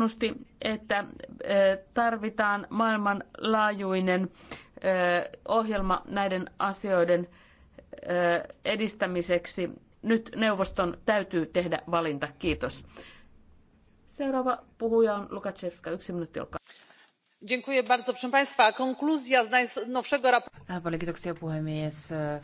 tunnusti, että tarvitaan maailmanlaajuinen ohjelma näiden asioiden edistämiseksi. Nyt neuvoston täytyy tehdä valinta. Kiitos. Seuraava puhuja on Lukaczewska. Yksi minuutti, olkaa. Dziękuję bardzo, proszę Państwa. Konkluzja z najnowszego raportu. Äh, kiitoksia, puhemies äh,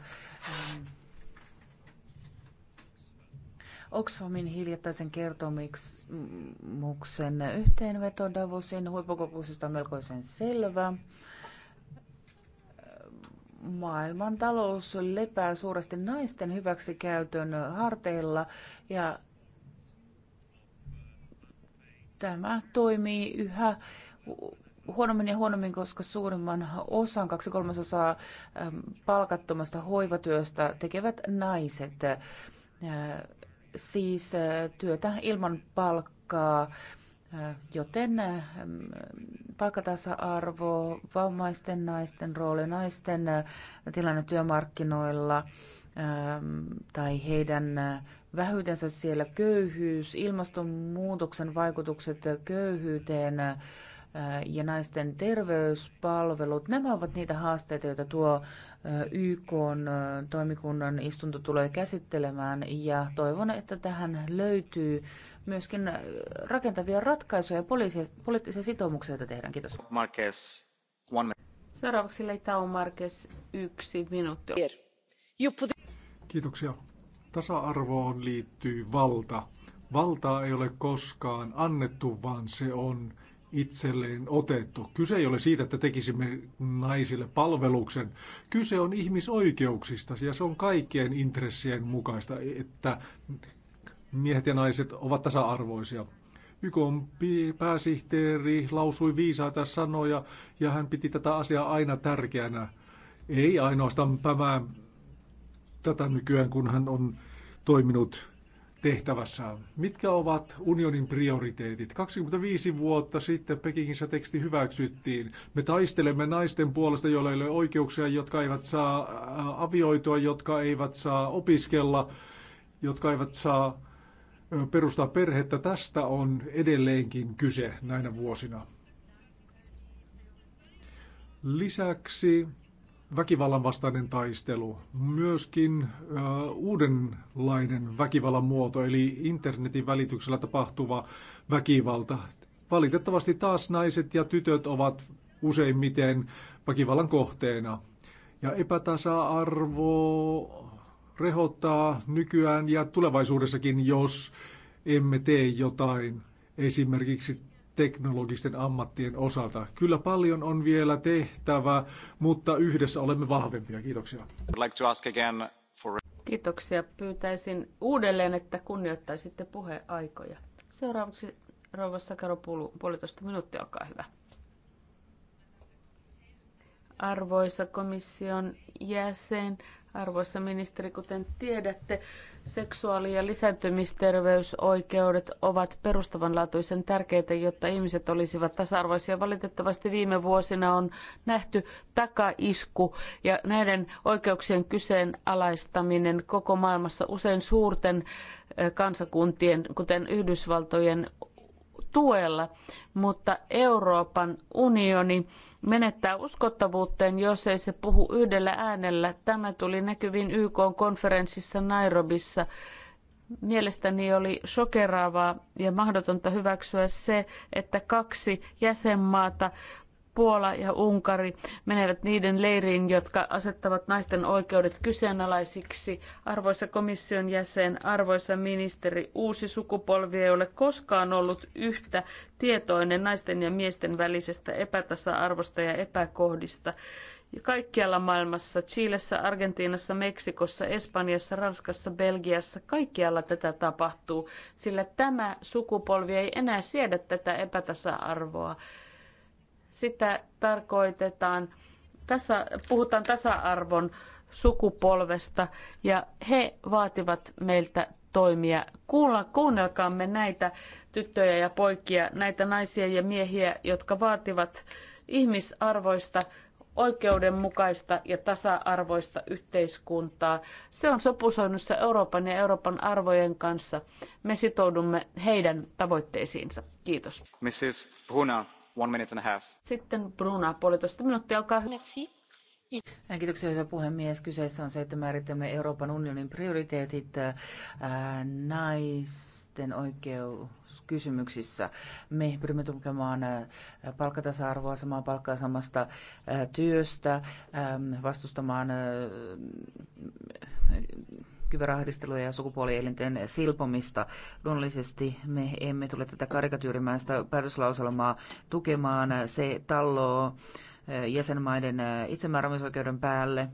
Oxfamin hiljattaisen kertomuksen yhteenveto Davosin huippukokouksesta on melkoisen selvä. Maailman talous lepää suuresti naisten hyväksikäytön harteilla ja tämä toimii yhä huonommin ja huonommin, koska suurimman osan, kaksi kolmasosaa palkattomasta hoivatyöstä tekevät naiset siis äh, työtä ilman palkkaa, äh, joten ähm, palkatasa arvo vammaisten naisten rooli, naisten äh, tilanne työmarkkinoilla ähm, tai heidän vähyytensä siellä, köyhyys, ilmastonmuutoksen vaikutukset köyhyyteen ja naisten terveyspalvelut, nämä ovat niitä haasteita, joita tuo YK toimikunnan istunto tulee käsittelemään ja toivon, että tähän löytyy myöskin rakentavia ratkaisuja ja poliittisia sitoumuksia, joita tehdään. Kiitos. Marquez, one Seuraavaksi Leitao Marques, yksi minuutti. Kiitoksia. Tasa-arvoon liittyy valta. Valtaa ei ole koskaan annettu, vaan se on itselleen otettu. Kyse ei ole siitä, että tekisimme naisille palveluksen. Kyse on ihmisoikeuksista ja se on kaikkien intressien mukaista, että miehet ja naiset ovat tasa-arvoisia. YKn pääsihteeri lausui viisaita sanoja ja hän piti tätä asiaa aina tärkeänä. Ei ainoastaan tämä, tätä nykyään, kun hän on toiminut tehtävässään. Mitkä ovat unionin prioriteetit? 25 vuotta sitten Pekingissä teksti hyväksyttiin. Me taistelemme naisten puolesta, joilla ei ole oikeuksia, jotka eivät saa äh, avioitua, jotka eivät saa opiskella, jotka eivät saa perustaa perhettä. Tästä on edelleenkin kyse näinä vuosina. Lisäksi väkivallan vastainen taistelu, myöskin äh, uudenlainen väkivallan muoto, eli internetin välityksellä tapahtuva väkivalta. Valitettavasti taas naiset ja tytöt ovat useimmiten väkivallan kohteena. Ja epätasa-arvo rehottaa nykyään ja tulevaisuudessakin, jos emme tee jotain. Esimerkiksi teknologisten ammattien osalta. Kyllä paljon on vielä tehtävää, mutta yhdessä olemme vahvempia. Kiitoksia. Kiitoksia. Pyytäisin uudelleen, että kunnioittaisitte puheaikoja. Seuraavaksi rouva Sakaropulu, puolitoista minuuttia, olkaa hyvä. Arvoisa komission jäsen, Arvoisa ministeri, kuten tiedätte, seksuaali- ja lisääntymisterveysoikeudet ovat perustavanlaatuisen tärkeitä, jotta ihmiset olisivat tasa-arvoisia. Valitettavasti viime vuosina on nähty takaisku ja näiden oikeuksien kyseenalaistaminen koko maailmassa usein suurten eh, kansakuntien, kuten Yhdysvaltojen tuella, mutta Euroopan unioni menettää uskottavuuteen, jos ei se puhu yhdellä äänellä. Tämä tuli näkyviin YK-konferenssissa Nairobissa. Mielestäni oli shokeraavaa ja mahdotonta hyväksyä se, että kaksi jäsenmaata Puola ja Unkari menevät niiden leiriin, jotka asettavat naisten oikeudet kyseenalaisiksi. Arvoisa komission jäsen, arvoisa ministeri, uusi sukupolvi ei ole koskaan ollut yhtä tietoinen naisten ja miesten välisestä epätasa-arvosta ja epäkohdista. Kaikkialla maailmassa, Chiilessä, Argentiinassa, Meksikossa, Espanjassa, Ranskassa, Belgiassa, kaikkialla tätä tapahtuu, sillä tämä sukupolvi ei enää siedä tätä epätasa-arvoa sitä tarkoitetaan, tasa, puhutaan tasa-arvon sukupolvesta ja he vaativat meiltä toimia. Kuulla, kuunnelkaamme näitä tyttöjä ja poikia, näitä naisia ja miehiä, jotka vaativat ihmisarvoista, oikeudenmukaista ja tasa-arvoista yhteiskuntaa. Se on sopusoinnussa Euroopan ja Euroopan arvojen kanssa. Me sitoudumme heidän tavoitteisiinsa. Kiitos. Mrs. Bruna. One minute and a half. Sitten Bruna, puolitoista minuuttia, alkaa. Merci. Kiitoksia, hyvä puhemies. Kyseessä on se, että määritämme Euroopan unionin prioriteetit ää, naisten oikeuskysymyksissä. Me pyrimme tukemaan palkkatasa-arvoa, samaa palkkaa samasta ää, työstä, ää, vastustamaan ää, kyberahdistelua ja sukupuolielinten silpomista. Luonnollisesti me emme tule tätä karikatyyrimäistä päätöslauselmaa tukemaan. Se talloo eh, jäsenmaiden eh, itsemääräämisoikeuden päälle –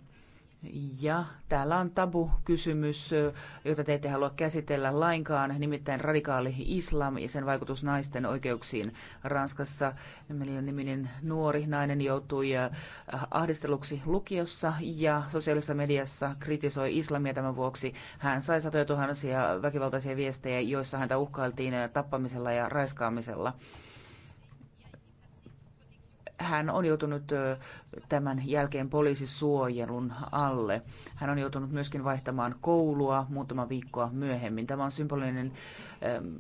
ja täällä on tabu-kysymys, jota te ette halua käsitellä lainkaan, nimittäin radikaali islam ja sen vaikutus naisten oikeuksiin. Ranskassa meillä niminen nuori nainen joutui ahdisteluksi lukiossa ja sosiaalisessa mediassa kritisoi islamia tämän vuoksi. Hän sai satoja tuhansia väkivaltaisia viestejä, joissa häntä uhkailtiin tappamisella ja raiskaamisella hän on joutunut tämän jälkeen poliisisuojelun alle. Hän on joutunut myöskin vaihtamaan koulua muutama viikkoa myöhemmin. Tämä on symbolinen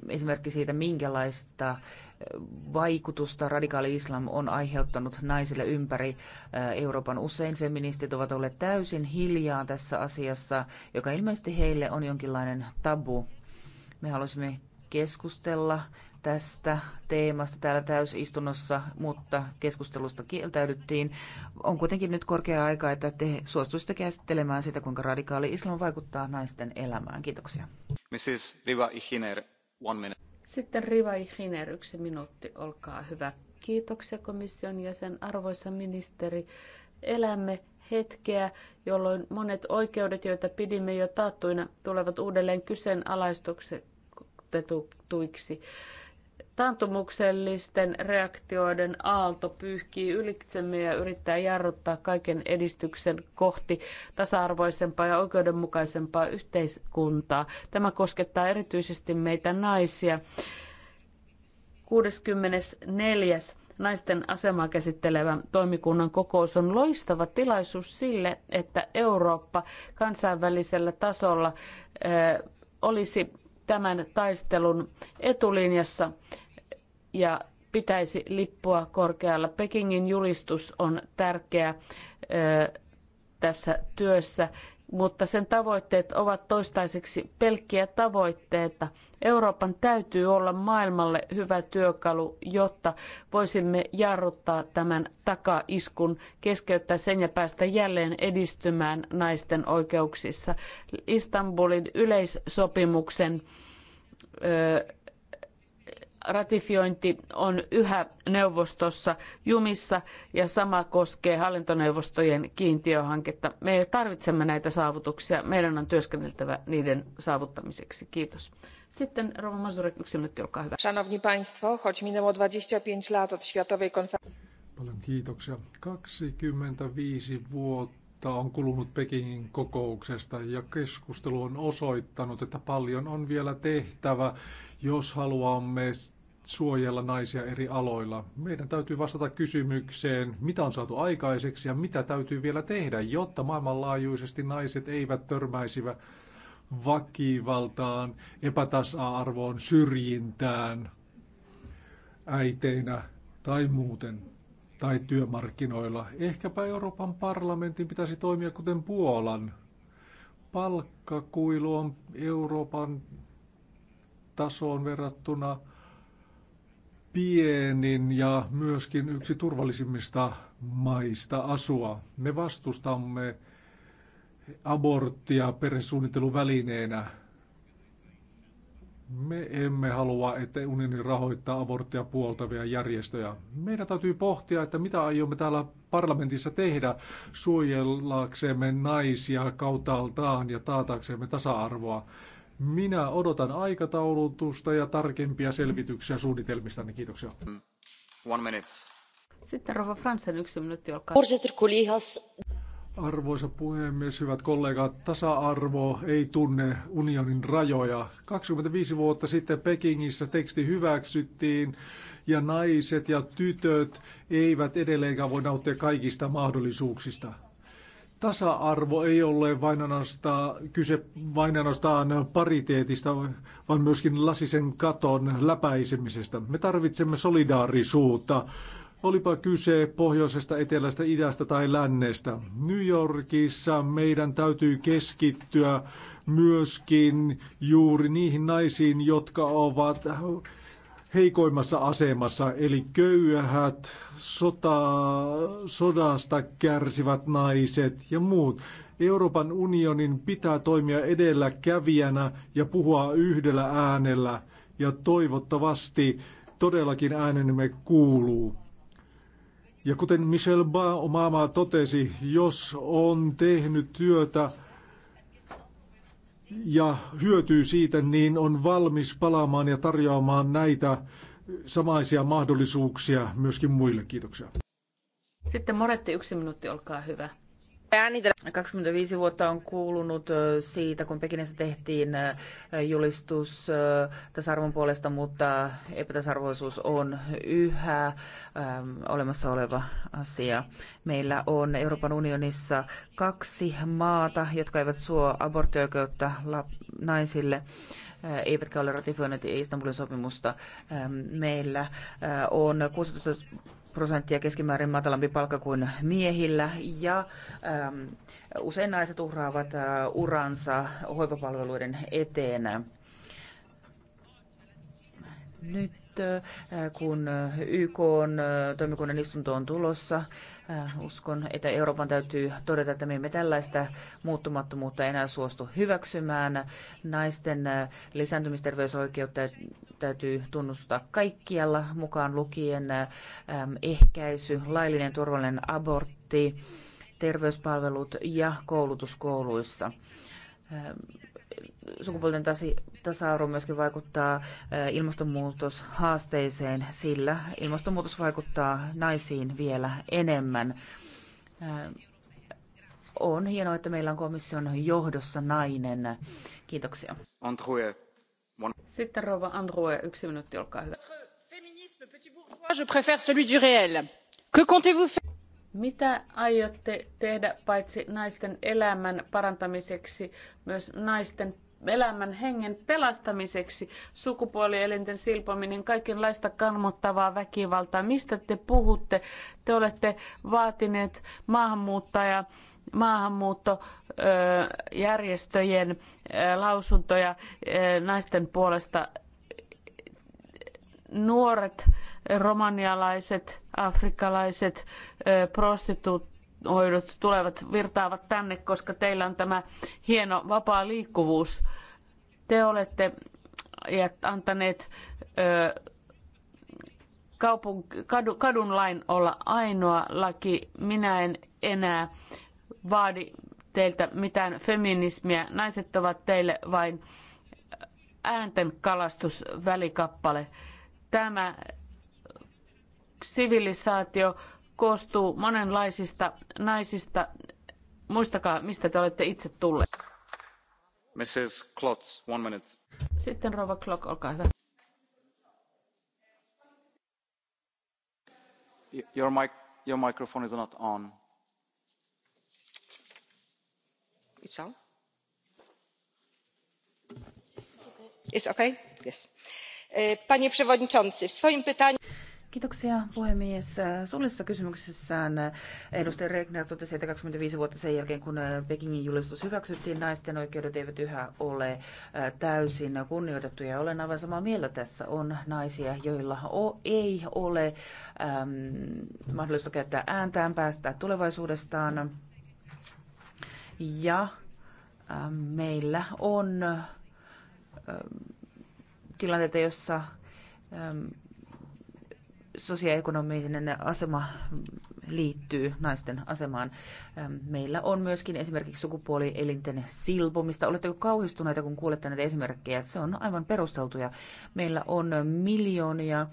esimerkki siitä, minkälaista vaikutusta radikaali islam on aiheuttanut naisille ympäri Euroopan. Usein feministit ovat olleet täysin hiljaa tässä asiassa, joka ilmeisesti heille on jonkinlainen tabu. Me haluaisimme keskustella tästä teemasta täällä täysistunnossa, mutta keskustelusta kieltäydyttiin. On kuitenkin nyt korkea aika, että te suostuisitte käsittelemään sitä, kuinka radikaali islam vaikuttaa naisten elämään. Kiitoksia. Mrs. Riva Ichiner, one minute. Sitten Riva Ichiner, yksi minuutti, olkaa hyvä. Kiitoksia komission jäsen, arvoisa ministeri. Elämme hetkeä, jolloin monet oikeudet, joita pidimme jo taattuina, tulevat uudelleen kyseenalaistuksi tuiksi. Taantumuksellisten reaktioiden aalto pyyhkii ylitsemme ja yrittää jarruttaa kaiken edistyksen kohti tasa-arvoisempaa ja oikeudenmukaisempaa yhteiskuntaa. Tämä koskettaa erityisesti meitä naisia. 64 naisten asemaa käsittelevä toimikunnan kokous on loistava tilaisuus sille, että Eurooppa kansainvälisellä tasolla olisi tämän taistelun etulinjassa ja pitäisi lippua korkealla. Pekingin julistus on tärkeä tässä työssä mutta sen tavoitteet ovat toistaiseksi pelkkiä tavoitteita. Euroopan täytyy olla maailmalle hyvä työkalu, jotta voisimme jarruttaa tämän takaiskun, keskeyttää sen ja päästä jälleen edistymään naisten oikeuksissa. Istanbulin yleissopimuksen ö, ratifiointi on yhä neuvostossa jumissa ja sama koskee hallintoneuvostojen kiintiöhanketta. Me tarvitsemme näitä saavutuksia. Meidän on työskenneltävä niiden saavuttamiseksi. Kiitos. Sitten Rova Mazurek, yksi minuutti, olkaa hyvä. Szanowni Państwo, choć minęło 25 lat od Światowej konferencji. Paljon kiitoksia. 25 vuotta vuotta on kulunut Pekingin kokouksesta ja keskustelu on osoittanut, että paljon on vielä tehtävä, jos haluamme suojella naisia eri aloilla. Meidän täytyy vastata kysymykseen, mitä on saatu aikaiseksi ja mitä täytyy vielä tehdä, jotta maailmanlaajuisesti naiset eivät törmäisivät vakivaltaan, epätasa-arvoon, syrjintään äiteinä tai muuten tai työmarkkinoilla. Ehkäpä Euroopan parlamentin pitäisi toimia kuten Puolan. Palkkakuilu on Euroopan tasoon verrattuna pienin ja myöskin yksi turvallisimmista maista asua. Me vastustamme aborttia perhesuunnitteluvälineenä välineenä me emme halua, että unioni rahoittaa aborttia puoltavia järjestöjä. Meidän täytyy pohtia, että mitä aiomme täällä parlamentissa tehdä suojellaksemme naisia kauttaaltaan ja taataksemme tasa-arvoa. Minä odotan aikataulutusta ja tarkempia selvityksiä suunnitelmista. Kiitoksia. One minute. Sitten Rova Fransen yksi minuutti, olkaa. Arvoisa puhemies, hyvät kollegat, tasa-arvo ei tunne unionin rajoja. 25 vuotta sitten Pekingissä teksti hyväksyttiin ja naiset ja tytöt eivät edelleenkään voi nauttia kaikista mahdollisuuksista. Tasa-arvo ei ole vain ainoastaan, kyse vain ainoastaan pariteetista, vaan myöskin lasisen katon läpäisemisestä. Me tarvitsemme solidaarisuutta Olipa kyse pohjoisesta, etelästä, idästä tai lännestä. New Yorkissa meidän täytyy keskittyä myöskin juuri niihin naisiin, jotka ovat heikoimmassa asemassa, eli köyhät, sota, sodasta kärsivät naiset ja muut. Euroopan unionin pitää toimia edelläkävijänä ja puhua yhdellä äänellä, ja toivottavasti todellakin äänenemme kuuluu. Ja kuten Michel Obama totesi, jos on tehnyt työtä ja hyötyy siitä, niin on valmis palaamaan ja tarjoamaan näitä samaisia mahdollisuuksia myöskin muille. Kiitoksia. Sitten Moretti, yksi minuutti, olkaa hyvä. 25 vuotta on kuulunut siitä, kun Pekinissä tehtiin julistus tasa-arvon puolesta, mutta epätasa-arvoisuus on yhä ähm, olemassa oleva asia. Meillä on Euroopan unionissa kaksi maata, jotka eivät suo aborttioikeutta naisille äh, eivätkä ole ratifioineet Istanbulin sopimusta. Ähm, meillä äh, on 16 prosenttia keskimäärin matalampi palkka kuin miehillä ja ähm, usein naiset uhraavat äh, uransa hoivapalveluiden eteen. Nyt äh, kun YK on äh, toimikunnan istunto on tulossa, Äh, uskon, että Euroopan täytyy todeta, että me emme tällaista muuttumattomuutta enää suostu hyväksymään. Naisten äh, lisääntymisterveysoikeutta täytyy tunnustaa kaikkialla, mukaan lukien äh, ehkäisy, laillinen turvallinen abortti, terveyspalvelut ja koulutuskouluissa. kouluissa sukupuolten tasa-arvo myöskin vaikuttaa ilmastonmuutoshaasteeseen, sillä ilmastonmuutos vaikuttaa naisiin vielä enemmän. On hienoa, että meillä on komission johdossa nainen. Kiitoksia. Andrue. Sitten rouva Andrue, yksi minuutti, olkaa hyvä. je préfère celui du réel. Que comptez-vous faire? Mitä aiotte tehdä paitsi naisten elämän parantamiseksi, myös naisten elämän hengen pelastamiseksi, sukupuolielinten silpominen, kaikenlaista kammottavaa väkivaltaa. Mistä te puhutte? Te olette vaatineet maahanmuuttaja maahanmuuttojärjestöjen lausuntoja naisten puolesta. Nuoret romanialaiset, afrikkalaiset prostituoidut tulevat, virtaavat tänne, koska teillä on tämä hieno vapaa liikkuvuus. Te olette antaneet kaupun, kadu, kadun lain olla ainoa laki. Minä en enää vaadi teiltä mitään feminismiä. Naiset ovat teille vain äänten kalastusvälikappale. Tämä sivilisaatio koostuu monenlaisista naisista. Muistakaa, mistä te olette itse tulleet. Mrs. Klotz, one minute. Sitten Rova Klock, olkaa hyvä. Your, mic, your microphone is not on. It's on? It's okay? Yes. E, panie przewodniczący, w swoim pytaniu... Kiitoksia puhemies. Suullisessa kysymyksessään edustaja Regner totesi, että 25 vuotta sen jälkeen, kun Pekingin julistus hyväksyttiin, naisten oikeudet eivät yhä ole täysin kunnioitettuja. Olen aivan samaa mieltä tässä. On naisia, joilla ei ole ähm, mahdollista käyttää ääntään, päästä tulevaisuudestaan. Ja ähm, meillä on ähm, tilanteita, jossa ähm, sosioekonominen asema liittyy naisten asemaan. Meillä on myöskin esimerkiksi sukupuolielinten silpomista. Oletteko kauhistuneita, kun kuulette näitä esimerkkejä? Se on aivan perusteltuja. Meillä on miljoonia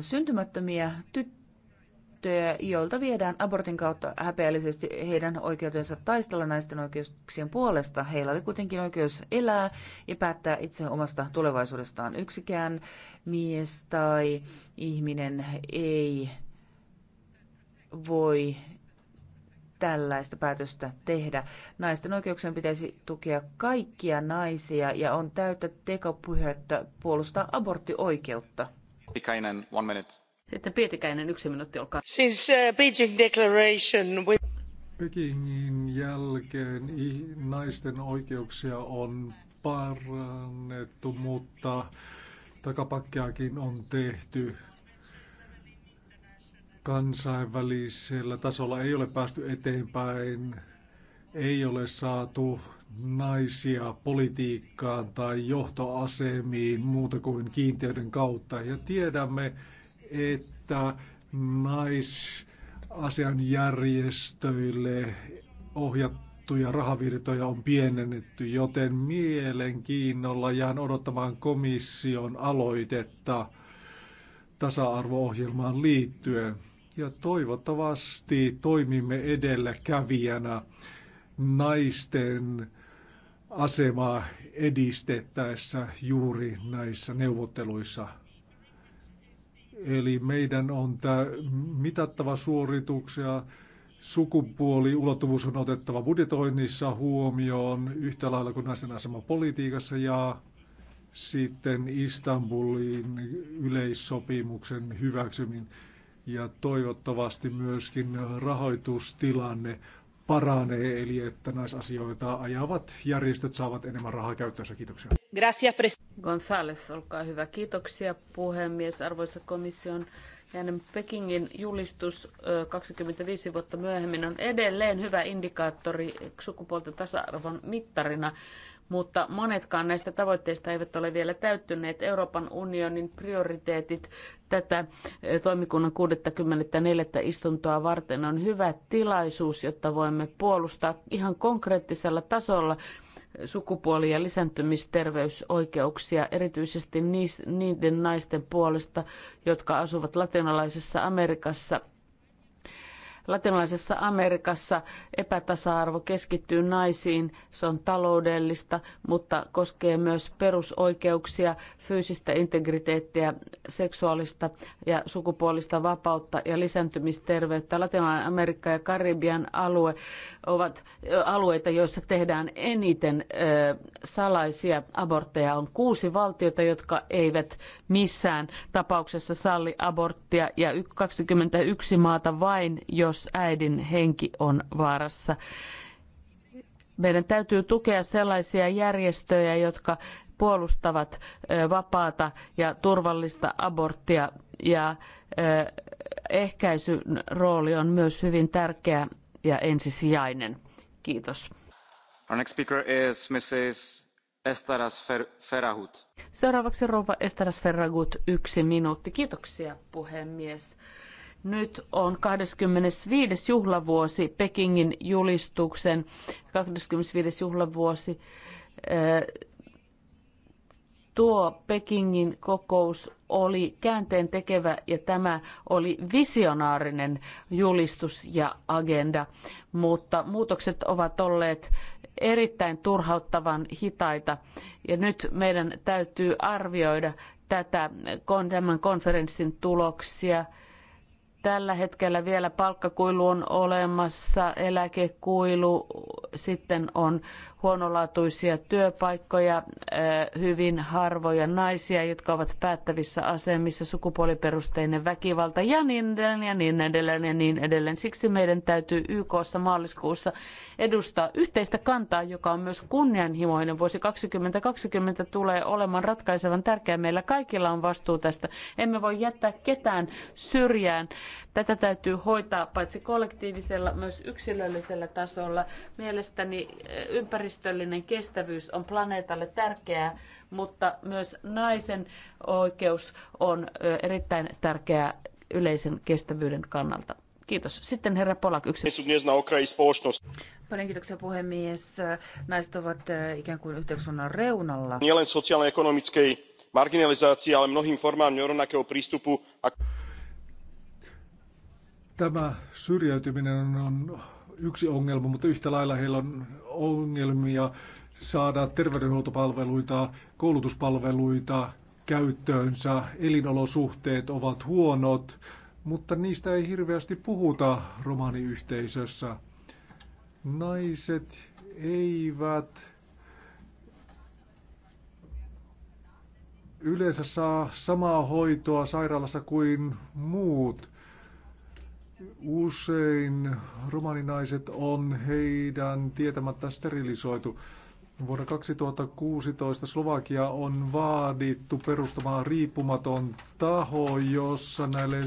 syntymättömiä tyttöjä tyttöjä, joilta viedään abortin kautta häpeällisesti heidän oikeutensa taistella naisten oikeuksien puolesta. Heillä oli kuitenkin oikeus elää ja päättää itse omasta tulevaisuudestaan. Yksikään mies tai ihminen ei voi tällaista päätöstä tehdä. Naisten oikeuksien pitäisi tukea kaikkia naisia ja on täyttä tekopyhättä puolustaa aborttioikeutta. Pikainen, one minute. Sitten Pietikäinen, yksi minuutti, olkaa. uh, Beijing Declaration with... Pekingin jälkeen naisten oikeuksia on parannettu, mutta takapakkiakin on tehty. Kansainvälisellä tasolla ei ole päästy eteenpäin, ei ole saatu naisia politiikkaan tai johtoasemiin muuta kuin kiintiöiden kautta. Ja tiedämme, että järjestöille ohjattuja rahavirtoja on pienennetty, joten mielenkiinnolla jään odottamaan komission aloitetta tasa-arvo-ohjelmaan liittyen. Ja toivottavasti toimimme edelläkävijänä naisten asemaa edistettäessä juuri näissä neuvotteluissa Eli meidän on tämä mitattava suorituksia, sukupuoliulottuvuus on otettava budjetoinnissa huomioon yhtä lailla kuin naisen asema politiikassa ja sitten Istanbulin yleissopimuksen hyväksymin ja toivottavasti myöskin rahoitustilanne paranee, eli että naisasioita ajavat järjestöt saavat enemmän rahaa käyttöönsä. Kiitoksia. Gracias, González, olkaa hyvä. Kiitoksia puhemies, arvoisa komission jäsen Pekingin julistus 25 vuotta myöhemmin on edelleen hyvä indikaattori sukupuolten tasa-arvon mittarina, mutta monetkaan näistä tavoitteista eivät ole vielä täyttyneet. Euroopan unionin prioriteetit tätä toimikunnan 64. istuntoa varten on hyvä tilaisuus, jotta voimme puolustaa ihan konkreettisella tasolla sukupuoli- ja lisääntymisterveysoikeuksia, erityisesti niiden naisten puolesta, jotka asuvat latinalaisessa Amerikassa – Latinalaisessa Amerikassa epätasa-arvo keskittyy naisiin, se on taloudellista, mutta koskee myös perusoikeuksia, fyysistä integriteettiä, seksuaalista ja sukupuolista vapautta ja lisääntymisterveyttä. Latinalainen Amerikka ja Karibian alue ovat alueita, joissa tehdään eniten salaisia abortteja. On kuusi valtiota, jotka eivät missään tapauksessa salli aborttia ja 21 maata vain, jos jos äidin henki on vaarassa. Meidän täytyy tukea sellaisia järjestöjä, jotka puolustavat vapaata ja turvallista aborttia ja ehkäisyn rooli on myös hyvin tärkeä ja ensisijainen. Kiitos. Our next speaker is Mrs. Estaras Ferragut. Seuraavaksi rouva Estaras Ferragut, yksi minuutti. Kiitoksia puhemies. Nyt on 25. juhlavuosi Pekingin julistuksen, 25. juhlavuosi. Äh, tuo Pekingin kokous oli käänteen tekevä ja tämä oli visionaarinen julistus ja agenda, mutta muutokset ovat olleet erittäin turhauttavan hitaita. Ja nyt meidän täytyy arvioida tätä, tämän konferenssin tuloksia – Tällä hetkellä vielä palkkakuilu on olemassa, eläkekuilu, sitten on huonolaatuisia työpaikkoja, hyvin harvoja naisia, jotka ovat päättävissä asemissa, sukupuoliperusteinen väkivalta ja niin edelleen ja niin edelleen ja niin edelleen. Siksi meidän täytyy YKssa maaliskuussa edustaa yhteistä kantaa, joka on myös kunnianhimoinen. Vuosi 2020 tulee olemaan ratkaisevan tärkeä. Meillä kaikilla on vastuu tästä. Emme voi jättää ketään syrjään. Tätä täytyy hoitaa paitsi kollektiivisella, myös yksilöllisellä tasolla. Mielestäni ympäri ympäristöllinen kestävyys on planeetalle tärkeää, mutta myös naisen oikeus on erittäin tärkeää yleisen kestävyyden kannalta. Kiitos. Sitten herra Polak yksi. Paljon kiitoksia puhemies. Naiset ovat ikään kuin yhteiskunnan reunalla. Nielen sosiaalinen ekonomiskei marginalisaatio, ale mnohým formám nerovnakého pristupu. Tämä syrjäytyminen on yksi ongelma, mutta yhtä lailla heillä on ongelmia saada terveydenhuoltopalveluita, koulutuspalveluita käyttöönsä, elinolosuhteet ovat huonot, mutta niistä ei hirveästi puhuta romaniyhteisössä. Naiset eivät yleensä saa samaa hoitoa sairaalassa kuin muut. Usein romaninaiset on heidän tietämättä sterilisoitu. Vuonna 2016 Slovakia on vaadittu perustamaan riippumaton taho, jossa näille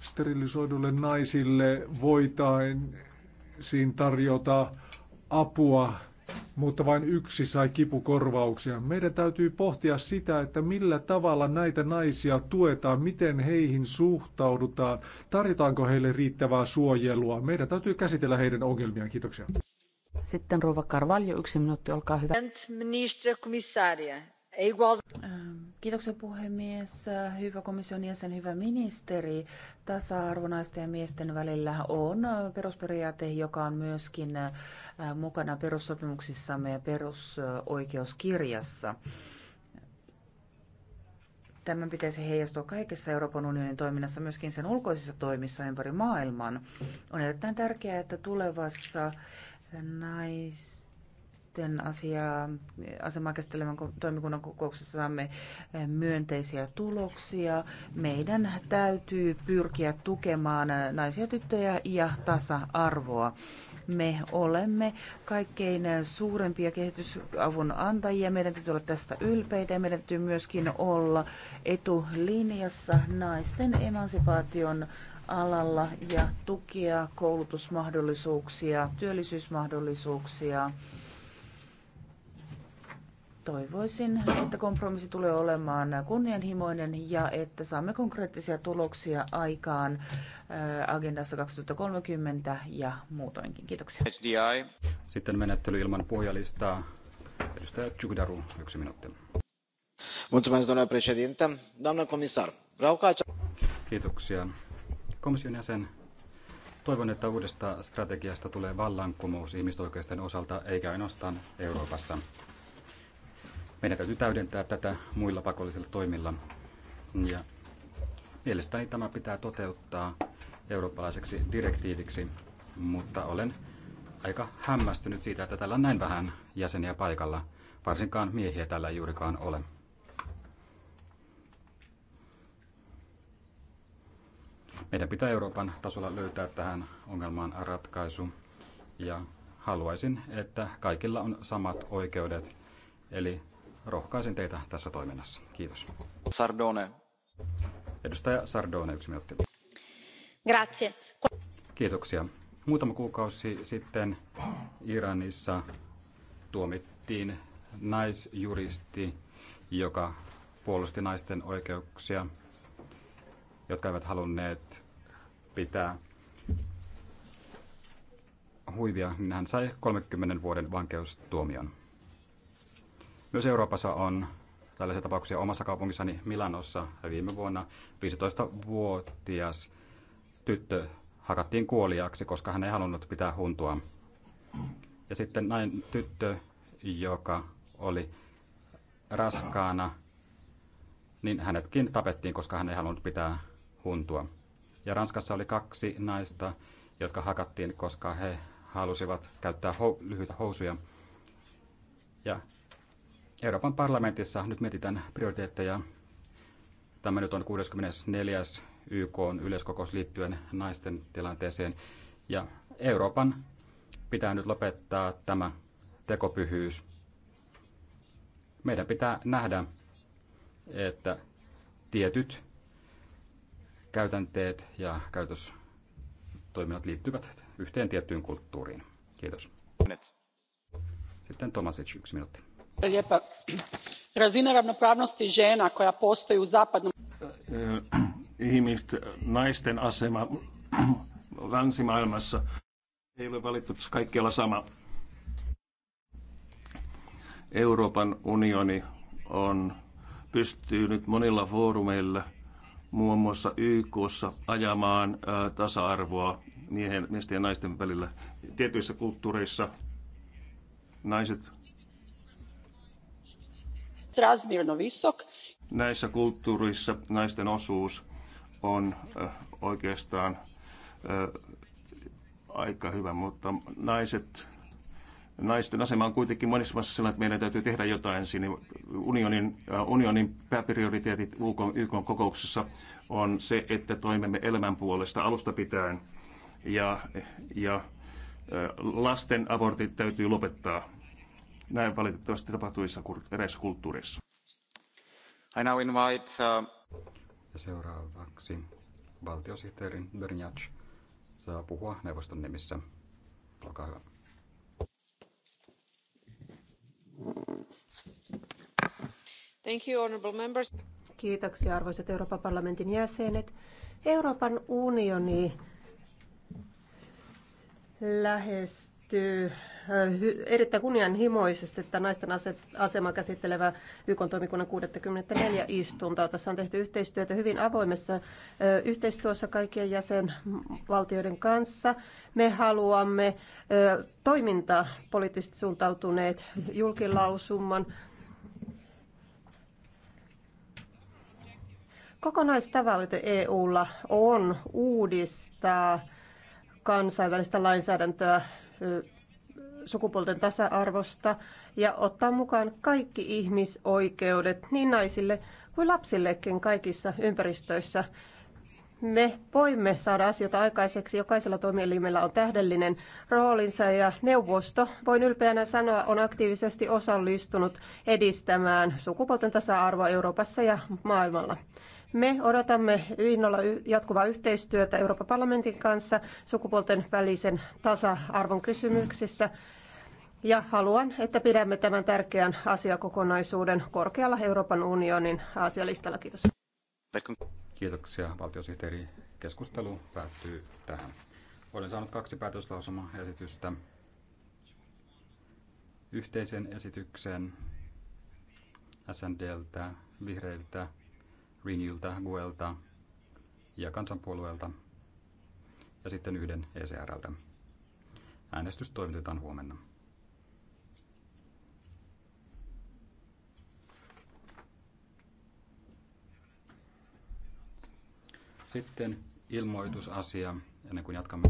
sterilisoidulle naisille voitaisiin tarjota apua mutta vain yksi sai kipukorvauksia. Meidän täytyy pohtia sitä, että millä tavalla näitä naisia tuetaan, miten heihin suhtaudutaan, tarjotaanko heille riittävää suojelua. Meidän täytyy käsitellä heidän ongelmiaan. Kiitoksia. Sitten Rova Carvalho, yksi minuutti, olkaa hyvä. Minister, komissaria. Ei Kiitoksia puhemies, hyvä komission jäsen, hyvä ministeri. Tasa-arvo naisten ja miesten välillä on perusperiaate, joka on myöskin äh, mukana perussopimuksissamme ja perusoikeuskirjassa. Tämän pitäisi heijastua kaikessa Euroopan unionin toiminnassa, myöskin sen ulkoisissa toimissa ympäri maailman. On erittäin tärkeää, että tulevassa nais sitten asiaa, asemaa käsittelevän toimikunnan kokouksessa saamme eh, myönteisiä tuloksia. Meidän täytyy pyrkiä tukemaan eh, naisia, tyttöjä ja tasa-arvoa. Me olemme kaikkein eh, suurempia kehitysavun antajia. Meidän täytyy olla tästä ylpeitä ja meidän täytyy myöskin olla etulinjassa naisten emansipaation alalla ja tukea koulutusmahdollisuuksia, työllisyysmahdollisuuksia Toivoisin, että kompromissi tulee olemaan kunnianhimoinen ja että saamme konkreettisia tuloksia aikaan äh, agendassa 2030 ja muutoinkin. Kiitoksia. HDI. Sitten menettely ilman puhujalistaa. Edustaja Chugdaru, yksi minuutti. Kiitoksia. Komission jäsen, toivon, että uudesta strategiasta tulee vallankumous ihmisoikeusten osalta, eikä ainoastaan Euroopassa meidän täytyy täydentää tätä muilla pakollisilla toimilla. Ja mielestäni tämä pitää toteuttaa eurooppalaiseksi direktiiviksi, mutta olen aika hämmästynyt siitä, että täällä on näin vähän jäseniä paikalla. Varsinkaan miehiä täällä ei juurikaan ole. Meidän pitää Euroopan tasolla löytää tähän ongelmaan ratkaisu. Ja haluaisin, että kaikilla on samat oikeudet, eli rohkaisen teitä tässä toiminnassa. Kiitos. Sardone. Edustaja Sardone, yksi minuutti. Grazie. Kiitoksia. Muutama kuukausi sitten Iranissa tuomittiin naisjuristi, joka puolusti naisten oikeuksia, jotka eivät halunneet pitää huivia, niin hän sai 30 vuoden vankeustuomion. Myös Euroopassa on tällaisia tapauksia omassa kaupungissani Milanossa. Viime vuonna 15-vuotias tyttö hakattiin kuoliaksi, koska hän ei halunnut pitää huntua. Ja sitten näin tyttö, joka oli raskaana, niin hänetkin tapettiin, koska hän ei halunnut pitää huntua. Ja Ranskassa oli kaksi naista, jotka hakattiin, koska he halusivat käyttää hou- lyhyitä housuja. Ja Euroopan parlamentissa nyt mietitään prioriteetteja. Tämä nyt on 64. YK on yleiskokous liittyen naisten tilanteeseen. Ja Euroopan pitää nyt lopettaa tämä tekopyhyys. Meidän pitää nähdä, että tietyt käytänteet ja käytöstoiminnot liittyvät yhteen tiettyyn kulttuuriin. Kiitos. Sitten Tomasic, yksi minuutti gospodine predsjedniče razina ravnopravnosti žena koja postoji u zapadnom. Eh, naisten asema länsimaailmassa ei ole valitettavasti kaikkialla sama. Euroopan unioni on pystynyt monilla foorumeilla, muun muassa YKssa, ajamaan eh, tasa-arvoa miehen, miesten ja naisten välillä. Tietyissä kulttuureissa naiset razmjerno visok. Näissä kulttuurissa naisten osuus on eh, oikeastaan eh, aika hyvä, mutta naiset naisten asema on kuitenkin monissa maissa sellainen, että meidän täytyy tehdä jotain siinä. Unionin, eh, unionin pääprioriteetit UK, YK kokouksessa on se, että toimimme elämän puolesta alusta pitäen ja, ja lasten abortit täytyy lopettaa. Näin valitettavasti tapahtuissa eräissä kulttuureissa. I now invite, uh... seuraavaksi valtiosihteeri Bernjac saa puhua neuvoston nimissä. Olkaa hyvä. Thank you, honorable members. Kiitoksia arvoisat Euroopan parlamentin jäsenet. Euroopan unioni lähes tehty erittäin kunnianhimoisesti että naisten asema käsittelevä YK-toimikunnan 64 istuntoa. Tässä on tehty yhteistyötä hyvin avoimessa yhteistyössä kaikkien jäsenvaltioiden kanssa. Me haluamme toiminta poliittisesti suuntautuneet julkilausumman. Kokonaistavoite EUlla on uudistaa kansainvälistä lainsäädäntöä sukupuolten tasa-arvosta ja ottaa mukaan kaikki ihmisoikeudet niin naisille kuin lapsillekin kaikissa ympäristöissä. Me voimme saada asioita aikaiseksi. Jokaisella toimielimellä on tähdellinen roolinsa ja neuvosto, voin ylpeänä sanoa, on aktiivisesti osallistunut edistämään sukupuolten tasa-arvoa Euroopassa ja maailmalla. Me odotamme innolla jatkuvaa yhteistyötä Euroopan parlamentin kanssa sukupuolten välisen tasa-arvon kysymyksissä. Ja haluan, että pidämme tämän tärkeän asiakokonaisuuden korkealla Euroopan unionin asialistalla. Kiitos. Kiitoksia valtiosihteeri. Keskustelu päättyy tähän. Olen saanut kaksi päätöslausuma-esitystä yhteisen esityksen SNDltä, vihreiltä Renewltä, Guelta ja kansanpuolueelta ja sitten yhden ECRltä. Äänestys toimitetaan huomenna. Sitten ilmoitusasia, ennen kuin jatkamme.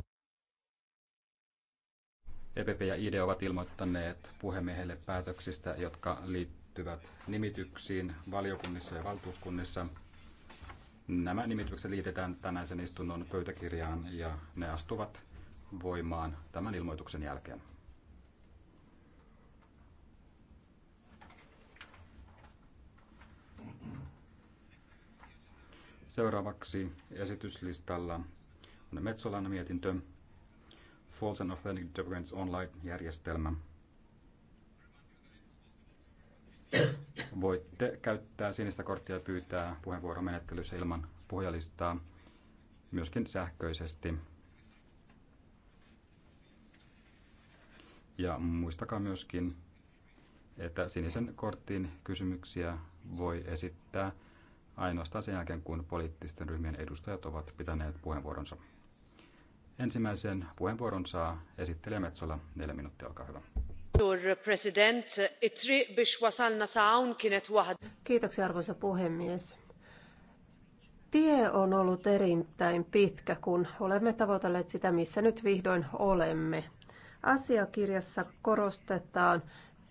EPP ja ID ovat ilmoittaneet puhemiehelle päätöksistä, jotka liittyvät nimityksiin valiokunnissa ja valtuuskunnissa – Nämä nimitykset liitetään tänäisen istunnon pöytäkirjaan ja ne astuvat voimaan tämän ilmoituksen jälkeen. Seuraavaksi esityslistalla on Metsolan mietintö False and Authentic Difference Online-järjestelmä. Voitte käyttää sinistä korttia ja pyytää puheenvuoromenettelyssä ilman puhujalistaa myöskin sähköisesti. Ja muistakaa myöskin, että sinisen kortin kysymyksiä voi esittää ainoastaan sen jälkeen, kun poliittisten ryhmien edustajat ovat pitäneet puheenvuoronsa. Ensimmäisen puheenvuoron saa esittelijä Metsola. Neljä minuuttia, olkaa hyvä. Kiitoksia arvoisa puhemies. Tie on ollut erittäin pitkä, kun olemme tavoitelleet sitä, missä nyt vihdoin olemme. Asiakirjassa korostetaan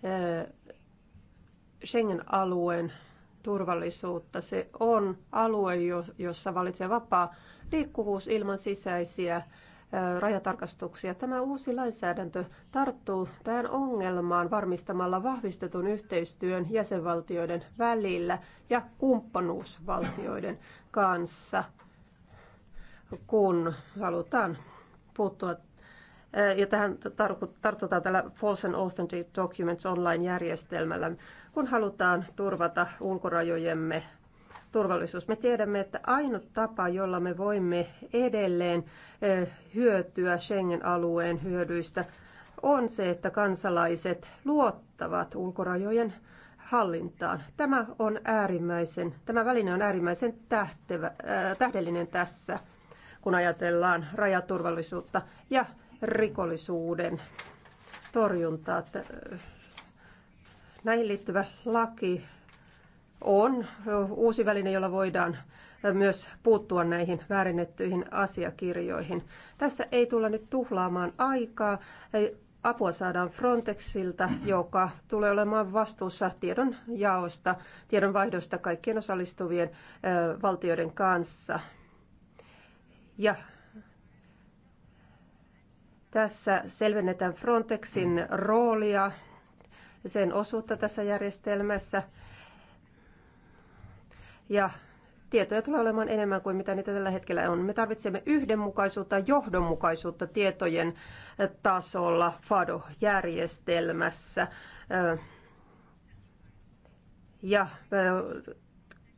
eh, Schengen-alueen turvallisuutta. Se on alue, jossa valitsee vapaa liikkuvuus ilman sisäisiä rajatarkastuksia. Tämä uusi lainsäädäntö tarttuu tähän ongelmaan varmistamalla vahvistetun yhteistyön jäsenvaltioiden välillä ja kumppanuusvaltioiden kanssa, kun halutaan puuttua ja tähän tartutaan tällä False and Authentic Documents Online-järjestelmällä, kun halutaan turvata ulkorajojemme turvallisuus. Me tiedämme, että ainut tapa, jolla me voimme edelleen hyötyä Schengen-alueen hyödyistä, on se, että kansalaiset luottavat ulkorajojen hallintaan. Tämä, on äärimmäisen, tämä väline on äärimmäisen tähtevä, äh, tähdellinen tässä, kun ajatellaan rajaturvallisuutta ja rikollisuuden torjuntaa. Näihin liittyvä laki on uusi väline, jolla voidaan myös puuttua näihin väärinnettyihin asiakirjoihin. Tässä ei tulla nyt tuhlaamaan aikaa. Apua saadaan Frontexilta, joka tulee olemaan vastuussa tiedon jaosta, tiedonvaihdosta kaikkien osallistuvien valtioiden kanssa. Ja tässä selvennetään Frontexin roolia, sen osuutta tässä järjestelmässä – ja tietoja tulee olemaan enemmän kuin mitä niitä tällä hetkellä on. Me tarvitsemme yhdenmukaisuutta johdonmukaisuutta tietojen tasolla FADO-järjestelmässä. Ja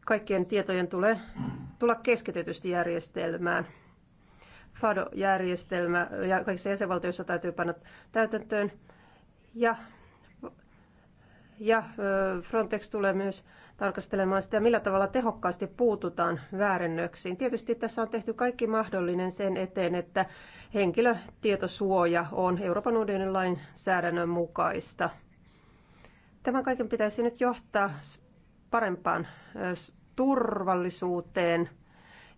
kaikkien tietojen tulee tulla keskitetysti järjestelmään. FADO-järjestelmä ja kaikissa jäsenvaltioissa täytyy panna täytäntöön. Ja, ja Frontex tulee myös tarkastelemaan sitä, millä tavalla tehokkaasti puututaan väärennöksiin. Tietysti tässä on tehty kaikki mahdollinen sen eteen, että henkilötietosuoja on Euroopan unionin lainsäädännön mukaista. Tämän kaiken pitäisi nyt johtaa parempaan turvallisuuteen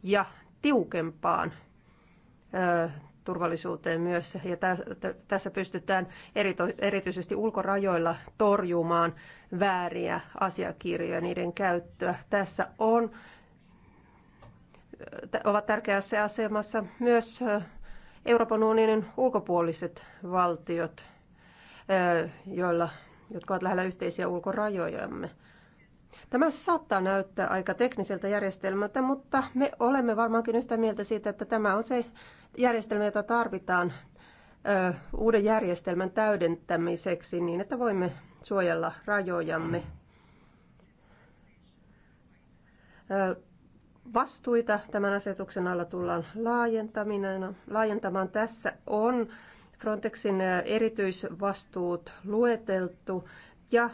ja tiukempaan turvallisuuteen myös. Ja tässä pystytään erityisesti ulkorajoilla torjumaan vääriä asiakirjoja, niiden käyttöä. Tässä on, ovat tärkeässä asemassa myös Euroopan unionin ulkopuoliset valtiot, joilla, jotka ovat lähellä yhteisiä ulkorajojamme. Tämä saattaa näyttää aika tekniseltä järjestelmältä, mutta me olemme varmaankin yhtä mieltä siitä, että tämä on se järjestelmä, jota tarvitaan ö, uuden järjestelmän täydentämiseksi niin, että voimme suojella rajojamme. Ö, vastuita tämän asetuksen alla tullaan laajentamaan. Tässä on Frontexin erityisvastuut lueteltu ja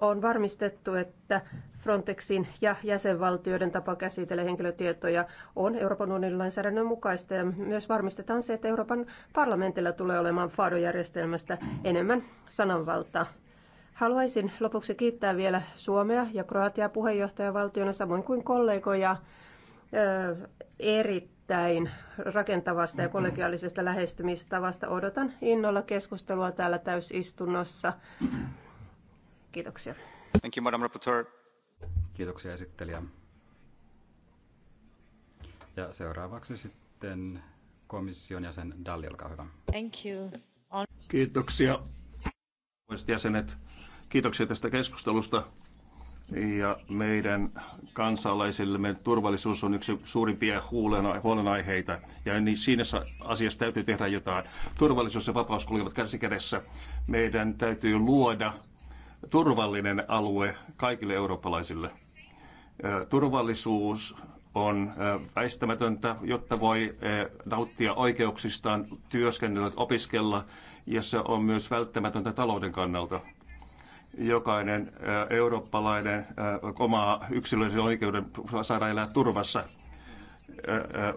on varmistettu, että Frontexin ja jäsenvaltioiden tapa käsitellä henkilötietoja on Euroopan unionin lainsäädännön mukaista ja myös varmistetaan se, että Euroopan parlamentilla tulee olemaan FADO-järjestelmästä enemmän sananvaltaa. Haluaisin lopuksi kiittää vielä Suomea ja Kroatiaa puheenjohtajavaltiona samoin kuin kollegoja erittäin rakentavasta ja kollegiaalisesta lähestymistavasta. Odotan innolla keskustelua täällä täysistunnossa Kiitoksia. Thank you, Madam Rapporteur. Kiitoksia esittelijä. Ja seuraavaksi sitten komission jäsen Dalli, olkaa hyvä. Thank you. On... Kiitoksia, jäsenet. Kiitoksia tästä keskustelusta. Ja meidän kansalaisillemme turvallisuus on yksi suurimpia huolenaiheita, ja niin siinä asiassa täytyy tehdä jotain. Turvallisuus ja vapaus kulkevat käsikädessä. Meidän täytyy luoda turvallinen alue kaikille eurooppalaisille. Turvallisuus on väistämätöntä, jotta voi nauttia oikeuksistaan, työskennellä, opiskella, ja se on myös välttämätöntä talouden kannalta. Jokainen eurooppalainen omaa yksilöllisen oikeuden saada elää turvassa.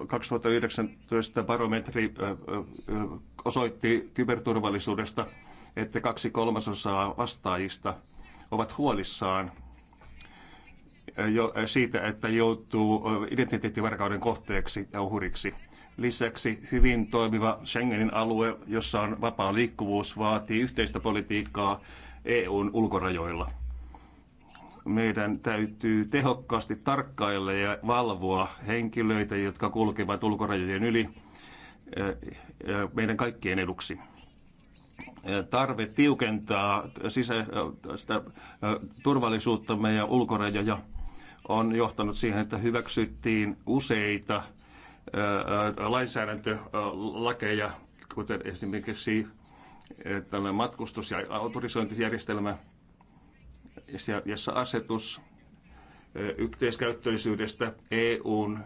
2019 barometri osoitti kyberturvallisuudesta että kaksi kolmasosaa vastaajista ovat huolissaan siitä, että joutuu identiteettivarkauden kohteeksi ja uhriksi. Lisäksi hyvin toimiva Schengenin alue, jossa on vapaa liikkuvuus, vaatii yhteistä politiikkaa EUn ulkorajoilla. Meidän täytyy tehokkaasti tarkkailla ja valvoa henkilöitä, jotka kulkevat ulkorajojen yli eh, eh, meidän kaikkien eduksi tarve tiukentaa sisä, sitä, turvallisuuttamme ja ulkorajoja on johtanut siihen, että hyväksyttiin useita lainsäädäntölakeja, kuten esimerkiksi tällainen matkustus- ja autorisointijärjestelmä, jossa asetus yhteiskäyttöisyydestä EUn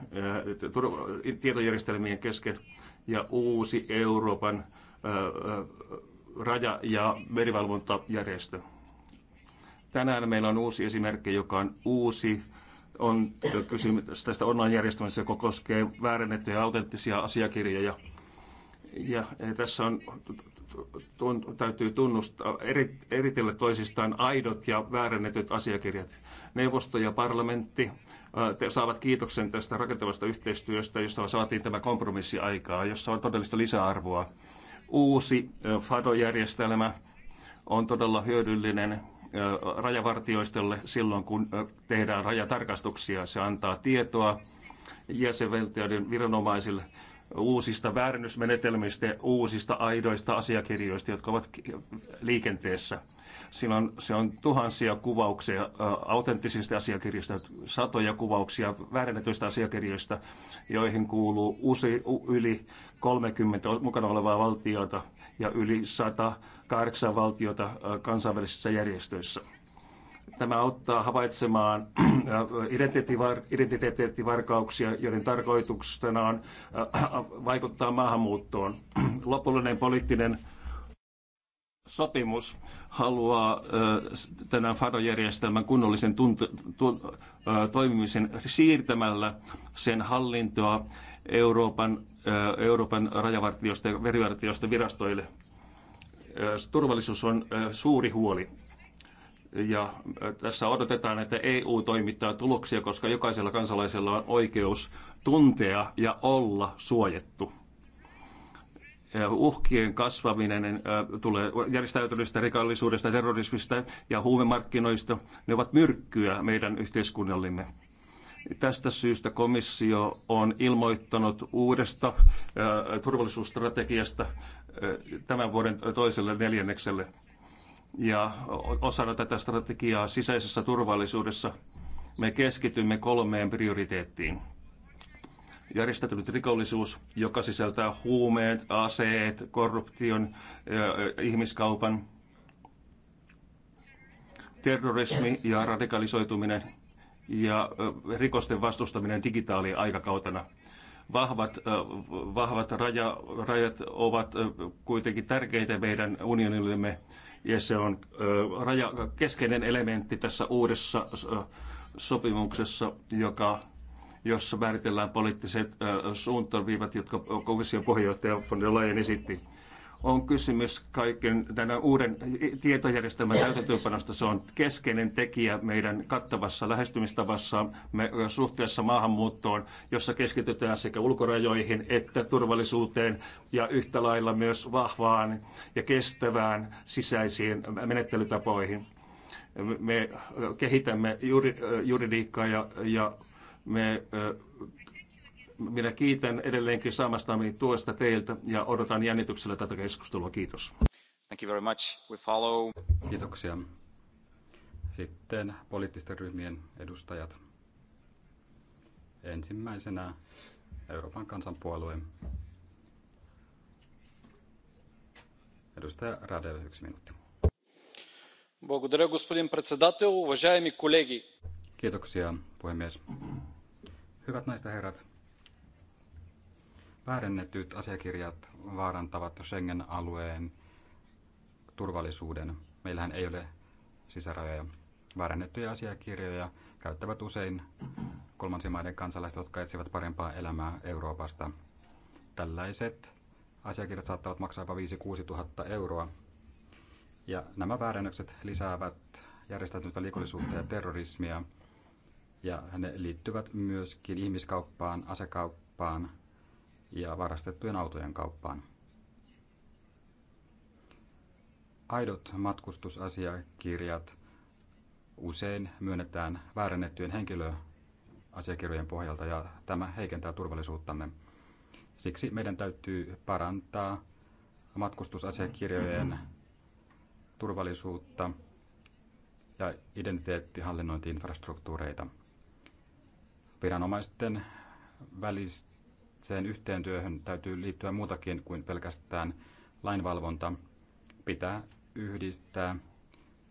tietojärjestelmien kesken ja uusi Euroopan raja- ja merivalvontajärjestö. Tänään meillä on uusi esimerkki, joka on uusi. On kysymys tästä online-järjestelmästä, joka koskee väärennettyjä autenttisia asiakirjoja. Ja tässä on, tun, täytyy tunnustaa, eri, eritellä toisistaan aidot ja väärennetyt asiakirjat. Neuvosto ja parlamentti te saavat kiitoksen tästä rakentavasta yhteistyöstä, josta saatiin tämä kompromissi aikaa, jossa on todellista lisäarvoa Uusi FADO-järjestelmä on todella hyödyllinen rajavartioistolle silloin, kun tehdään rajatarkastuksia. Se antaa tietoa jäsenvaltioiden viranomaisille uusista väärennysmenetelmistä, uusista aidoista asiakirjoista, jotka ovat liikenteessä. Siinä on, se on tuhansia kuvauksia autenttisista asiakirjoista, satoja kuvauksia väärennetyistä asiakirjoista, joihin kuuluu usi, yli 30 mukana olevaa valtiota ja yli 108 valtiota kansainvälisissä järjestöissä Tämä auttaa havaitsemaan äh, identiteettivarkauksia, joiden tarkoituksena on äh, vaikuttaa maahanmuuttoon. Lopullinen poliittinen sopimus haluaa äh, tämän FADO-järjestelmän kunnollisen tunt- tu- toimimisen siirtämällä sen hallintoa Euroopan, Euroopan rajavartiosta ja verivartiosta virastoille. Turvallisuus on suuri huoli. Ja tässä odotetaan, että EU toimittaa tuloksia, koska jokaisella kansalaisella on oikeus tuntea ja olla suojettu. uhkien kasvaminen tulee järjestäytyneestä rikollisuudesta, terrorismista ja huumemarkkinoista. Ne ovat myrkkyä meidän yhteiskunnallimme. Tästä syystä komissio on ilmoittanut uudesta turvallisuusstrategiasta tämän vuoden toiselle neljännekselle ja osana tätä strategiaa sisäisessä turvallisuudessa me keskitymme kolmeen prioriteettiin. Järjestäytynyt rikollisuus, joka sisältää huumeet, aseet, korruption, ihmiskaupan, terrorismi ja radikalisoituminen ja rikosten vastustaminen aikakautena. vahvat, vahvat raja, rajat ovat kuitenkin tärkeitä meidän unionillemme ja se on raja, keskeinen elementti tässä uudessa sopimuksessa, joka, jossa määritellään poliittiset suuntaviivat, jotka komission puheenjohtaja von der Leyen esitti on kysymys kaiken tämän uuden tietojärjestelmän täytäntöönpanosta. Se on keskeinen tekijä meidän kattavassa lähestymistavassa me suhteessa maahanmuuttoon, jossa keskitytään sekä ulkorajoihin että turvallisuuteen ja yhtä lailla myös vahvaan ja kestävään sisäisiin menettelytapoihin. Me kehitämme juridiikkaa ja, ja me minä kiitän edelleenkin saamastani tuosta teiltä ja odotan jännityksellä tätä keskustelua. Kiitos. Thank you very much. We follow. Kiitoksia. Sitten poliittisten ryhmien edustajat. Ensimmäisenä Euroopan kansanpuolue. Edustaja Radev, yksi minuutti. Kiitoksia, puhemies. Hyvät naiset ja herrat, väärennetyt asiakirjat vaarantavat Schengen-alueen turvallisuuden. Meillähän ei ole sisärajoja. Väärennettyjä asiakirjoja käyttävät usein kolmansien maiden kansalaiset, jotka etsivät parempaa elämää Euroopasta. Tällaiset asiakirjat saattavat maksaa jopa 5 6 000 euroa. Ja nämä väärennökset lisäävät järjestäytynyttä liikollisuutta ja terrorismia. Ja ne liittyvät myöskin ihmiskauppaan, asekauppaan, ja varastettujen autojen kauppaan. Aidot matkustusasiakirjat usein myönnetään väärennettyjen henkilöasiakirjojen pohjalta ja tämä heikentää turvallisuuttamme. Siksi meidän täytyy parantaa matkustusasiakirjojen turvallisuutta ja identiteettihallinnointi-infrastruktuureita. Viranomaisten välistä sen yhteen työhön täytyy liittyä muutakin kuin pelkästään lainvalvonta. Pitää yhdistää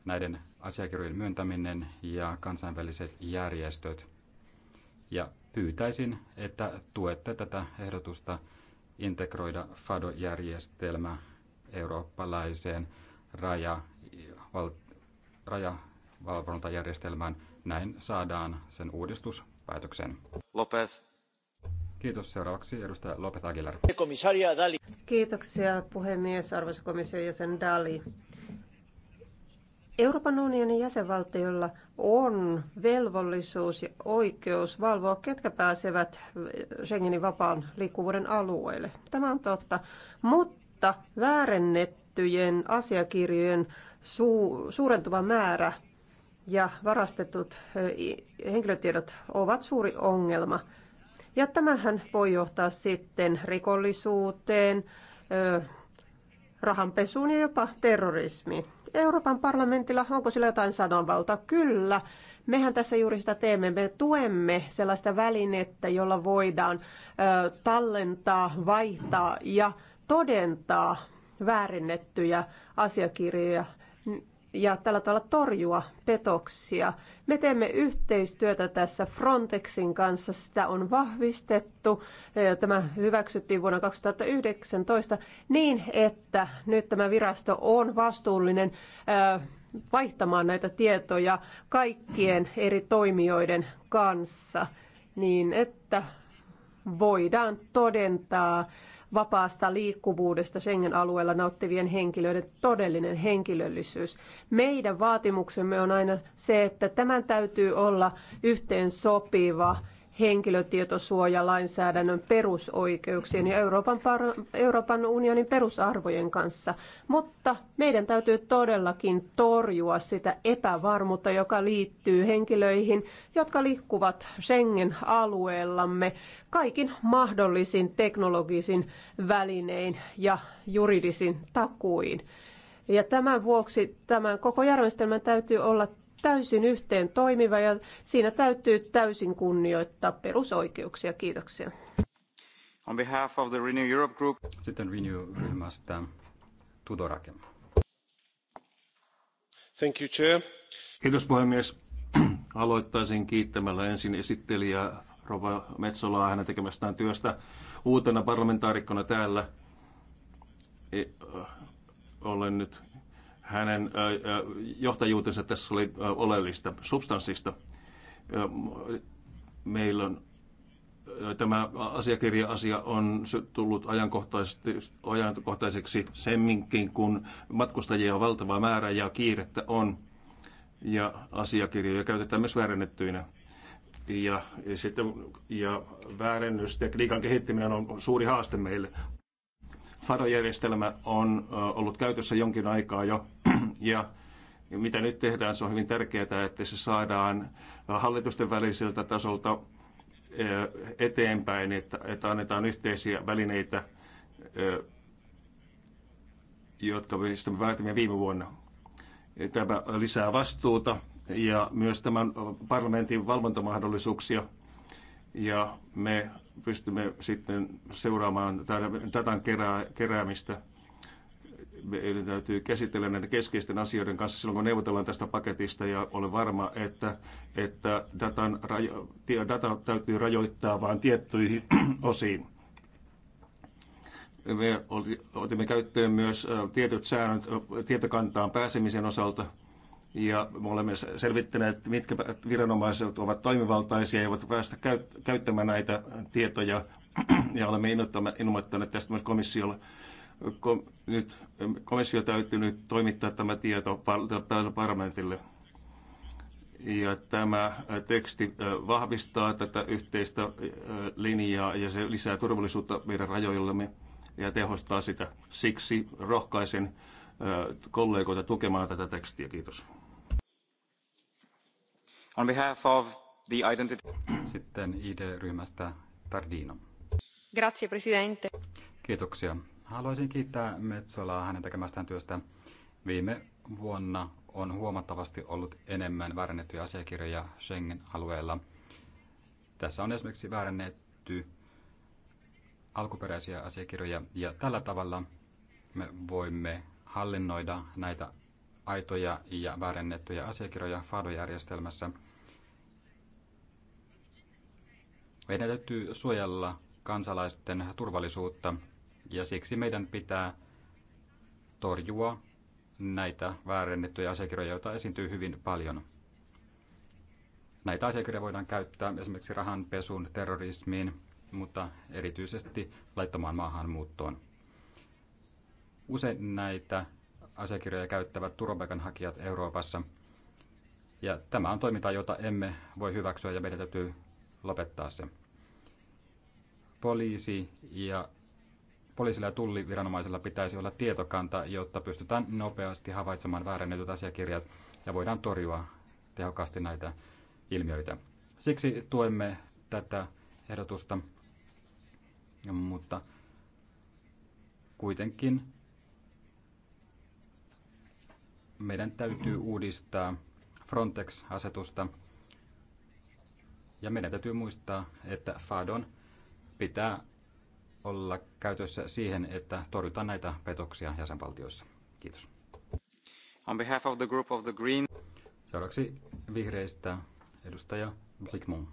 näiden asiakirjojen myöntäminen ja kansainväliset järjestöt. Ja pyytäisin, että tuette tätä ehdotusta integroida FADO-järjestelmä eurooppalaiseen raja, val, rajavalvontajärjestelmään. Näin saadaan sen uudistuspäätöksen. Lopez Kiitos. Seuraavaksi edustaja Lopet Aguilar. Kiitoksia puhemies, arvoisa komission jäsen Dali. Euroopan unionin jäsenvaltioilla on velvollisuus ja oikeus valvoa, ketkä pääsevät Schengenin vapaan liikkuvuuden alueelle. Tämä on totta, mutta väärennettyjen asiakirjojen su- suurentuva määrä ja varastetut henkilötiedot ovat suuri ongelma – ja tämähän voi johtaa sitten rikollisuuteen, rahanpesuun ja jopa terrorismiin. Euroopan parlamentilla, onko sillä jotain sananvaltaa? Kyllä. Mehän tässä juuri sitä teemme. Me tuemme sellaista välinettä, jolla voidaan ö, tallentaa, vaihtaa ja todentaa väärinnettyjä asiakirjoja ja tällä tavalla torjua petoksia. Me teemme yhteistyötä tässä Frontexin kanssa, sitä on vahvistettu. Tämä hyväksyttiin vuonna 2019 niin, että nyt tämä virasto on vastuullinen vaihtamaan näitä tietoja kaikkien eri toimijoiden kanssa niin, että voidaan todentaa vapaasta liikkuvuudesta Schengen-alueella nauttivien henkilöiden todellinen henkilöllisyys. Meidän vaatimuksemme on aina se, että tämän täytyy olla yhteen sopiva henkilötietosuojalainsäädännön perusoikeuksien ja Euroopan, Euroopan unionin perusarvojen kanssa. Mutta meidän täytyy todellakin torjua sitä epävarmuutta, joka liittyy henkilöihin, jotka liikkuvat Schengen-alueellamme kaikin mahdollisin teknologisin välinein ja juridisin takuin. Ja tämän vuoksi tämän koko järjestelmän täytyy olla täysin yhteen toimiva ja siinä täytyy täysin kunnioittaa perusoikeuksia. Kiitoksia. On behalf of the Renew Europe Group. Sitten Renew-ryhmästä Tudorakem. Thank you, Chair. Kiitos puhemies. Aloittaisin kiittämällä ensin esittelijää Rova Metsolaa hänen tekemästään työstä uutena parlamentaarikkona täällä. E, olen nyt hänen johtajuutensa tässä oli oleellista substanssista. Meillä on tämä asiakirja-asia on tullut ajankohtaiseksi semminkin, kun matkustajia on valtava määrä ja kiirettä on. Ja asiakirjoja käytetään myös väärennettyinä. Ja, ja, sitten, ja väärennystekniikan kehittäminen on suuri haaste meille. FADO-järjestelmä on ollut käytössä jonkin aikaa jo ja mitä nyt tehdään, se on hyvin tärkeää, että se saadaan hallitusten väliseltä tasolta eteenpäin, että, että annetaan yhteisiä välineitä, jotka me päätimme viime vuonna. Tämä lisää vastuuta ja myös tämän parlamentin valvontamahdollisuuksia. Ja me pystymme sitten seuraamaan datan kerää, keräämistä. Meidän täytyy käsitellä näiden keskeisten asioiden kanssa silloin, kun neuvotellaan tästä paketista, ja olen varma, että, että datan, rajo, data täytyy rajoittaa vain tiettyihin osiin. Me otimme käyttöön myös tietyt säännöt tietokantaan pääsemisen osalta – ja me olemme selvittäneet, mitkä viranomaiset ovat toimivaltaisia ja voivat päästä käyttämään näitä tietoja. Ja olemme ilmoittaneet tästä myös komissiolle. Kom, nyt, komissio täytyy nyt toimittaa tämä tieto parlamentille. Ja tämä äh, teksti äh, vahvistaa tätä yhteistä äh, linjaa ja se lisää turvallisuutta meidän rajoillamme ja tehostaa sitä. Siksi rohkaisen kollegoita tukemaan tätä tekstiä. Kiitos. On behalf of the identity... Sitten ID-ryhmästä Tardino. Grazie, presidente. Kiitoksia. Haluaisin kiittää Metsolaa hänen tekemästään työstä. Viime vuonna on huomattavasti ollut enemmän väärennettyjä asiakirjoja Schengen-alueella. Tässä on esimerkiksi väärennetty alkuperäisiä asiakirjoja ja tällä tavalla me voimme hallinnoida näitä aitoja ja väärennettyjä asiakirjoja FADO-järjestelmässä. Meidän täytyy suojella kansalaisten turvallisuutta ja siksi meidän pitää torjua näitä väärennettyjä asiakirjoja, joita esiintyy hyvin paljon. Näitä asiakirjoja voidaan käyttää esimerkiksi rahanpesuun, terrorismiin, mutta erityisesti laittomaan maahanmuuttoon. Usein näitä asiakirjoja käyttävät turvapaikanhakijat Euroopassa. Ja tämä on toiminta, jota emme voi hyväksyä ja meidän täytyy lopettaa se. Poliisi ja Poliisilla ja tulliviranomaisilla pitäisi olla tietokanta, jotta pystytään nopeasti havaitsemaan väärennetyt asiakirjat ja voidaan torjua tehokkaasti näitä ilmiöitä. Siksi tuemme tätä ehdotusta, mutta kuitenkin meidän täytyy uudistaa Frontex-asetusta. Ja meidän täytyy muistaa, että FADON pitää olla käytössä siihen, että torjutaan näitä petoksia jäsenvaltioissa. Kiitos. On behalf of the group of the Green. Seuraavaksi vihreistä edustaja Brickmont.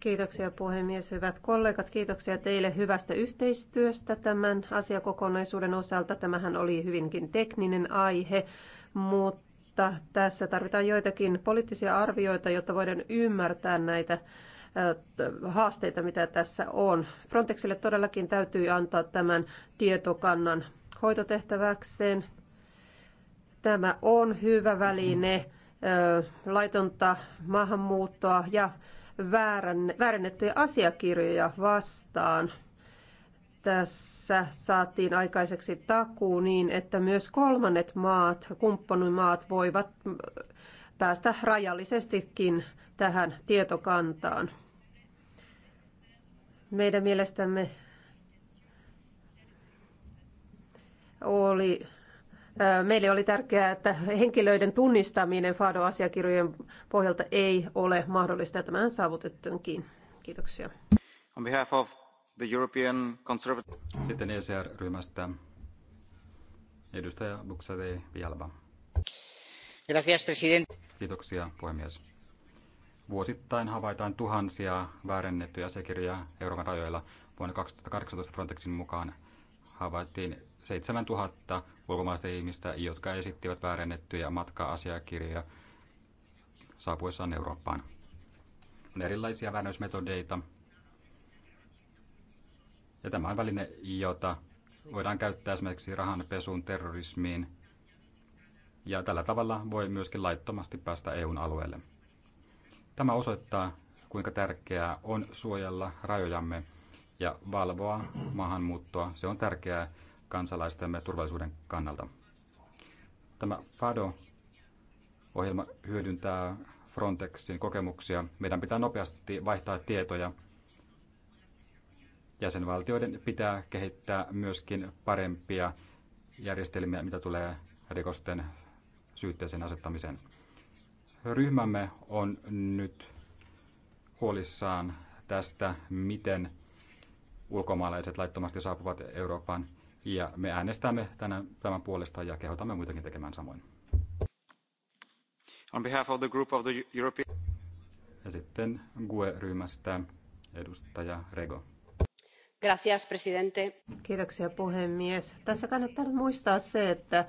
Kiitoksia puhemies, hyvät kollegat. Kiitoksia teille hyvästä yhteistyöstä tämän asiakokonaisuuden osalta. Tämähän oli hyvinkin tekninen aihe, mutta tässä tarvitaan joitakin poliittisia arvioita, jotta voidaan ymmärtää näitä haasteita, mitä tässä on. Frontexille todellakin täytyy antaa tämän tietokannan hoitotehtäväkseen. Tämä on hyvä väline. Mm laitonta maahanmuuttoa ja väärennettyjä asiakirjoja vastaan. Tässä saatiin aikaiseksi takuu niin, että myös kolmannet maat, kumppanimaat voivat päästä rajallisestikin tähän tietokantaan. Meidän mielestämme oli Meille oli tärkeää, että henkilöiden tunnistaminen FADO-asiakirjojen pohjalta ei ole mahdollista. Tämähän saavutettuinkin. Kiitoksia. On behalf of the European Conservative... Sitten ECR-ryhmästä edustaja Buxade Vialba. Gracias, president. Kiitoksia, puhemies. Vuosittain havaitaan tuhansia väärennettyjä asiakirjoja Euroopan rajoilla. Vuonna 2018 Frontexin mukaan havaittiin 7000 ulkomaista ihmistä, jotka esittivät väärennettyjä matka-asiakirjoja saapuessaan Eurooppaan. On erilaisia väännösmetodeita. Ja tämä on väline, jota voidaan käyttää esimerkiksi rahanpesuun, terrorismiin. Ja tällä tavalla voi myöskin laittomasti päästä EUn alueelle. Tämä osoittaa, kuinka tärkeää on suojella rajojamme ja valvoa maahanmuuttoa. Se on tärkeää kansalaistemme turvallisuuden kannalta. Tämä FADO-ohjelma hyödyntää Frontexin kokemuksia. Meidän pitää nopeasti vaihtaa tietoja. Jäsenvaltioiden pitää kehittää myöskin parempia järjestelmiä, mitä tulee rikosten syytteeseen asettamiseen. Ryhmämme on nyt huolissaan tästä, miten ulkomaalaiset laittomasti saapuvat Euroopan – ja me äänestämme tänään tämän puolesta ja kehotamme muitakin tekemään samoin. On behalf of the group of the European... Ja sitten GUE-ryhmästä edustaja Rego. Gracias, presidente. Kiitoksia puhemies. Tässä kannattaa muistaa se, että eh,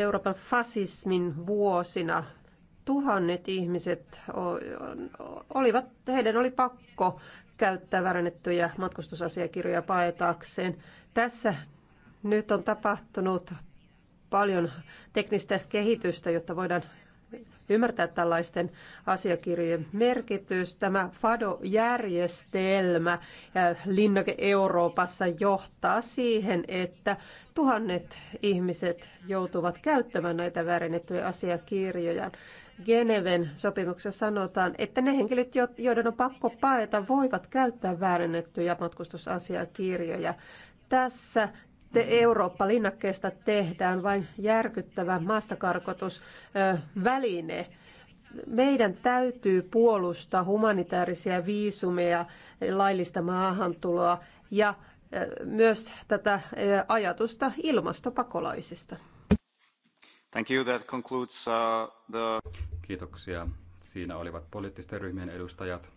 Euroopan fasismin vuosina tuhannet ihmiset olivat, heidän oli pakko käyttää väärennettyjä matkustusasiakirjoja paetaakseen. Tässä nyt on tapahtunut paljon teknistä kehitystä, jotta voidaan ymmärtää tällaisten asiakirjojen merkitys. Tämä FADO-järjestelmä linnake Euroopassa johtaa siihen, että tuhannet ihmiset joutuvat käyttämään näitä väärennettyjä asiakirjoja. Geneven sopimuksessa sanotaan, että ne henkilöt, joiden on pakko paeta, voivat käyttää väärennettyjä matkustusasiakirjoja. Tässä te Eurooppa-linnakkeesta tehdään vain järkyttävä maastakarkotusväline. Meidän täytyy puolustaa humanitaarisia viisumeja, laillista maahantuloa ja myös tätä ajatusta ilmastopakolaisista. Thank you. That concludes, uh, the... Kiitoksia. Siinä olivat poliittisten ryhmien edustajat.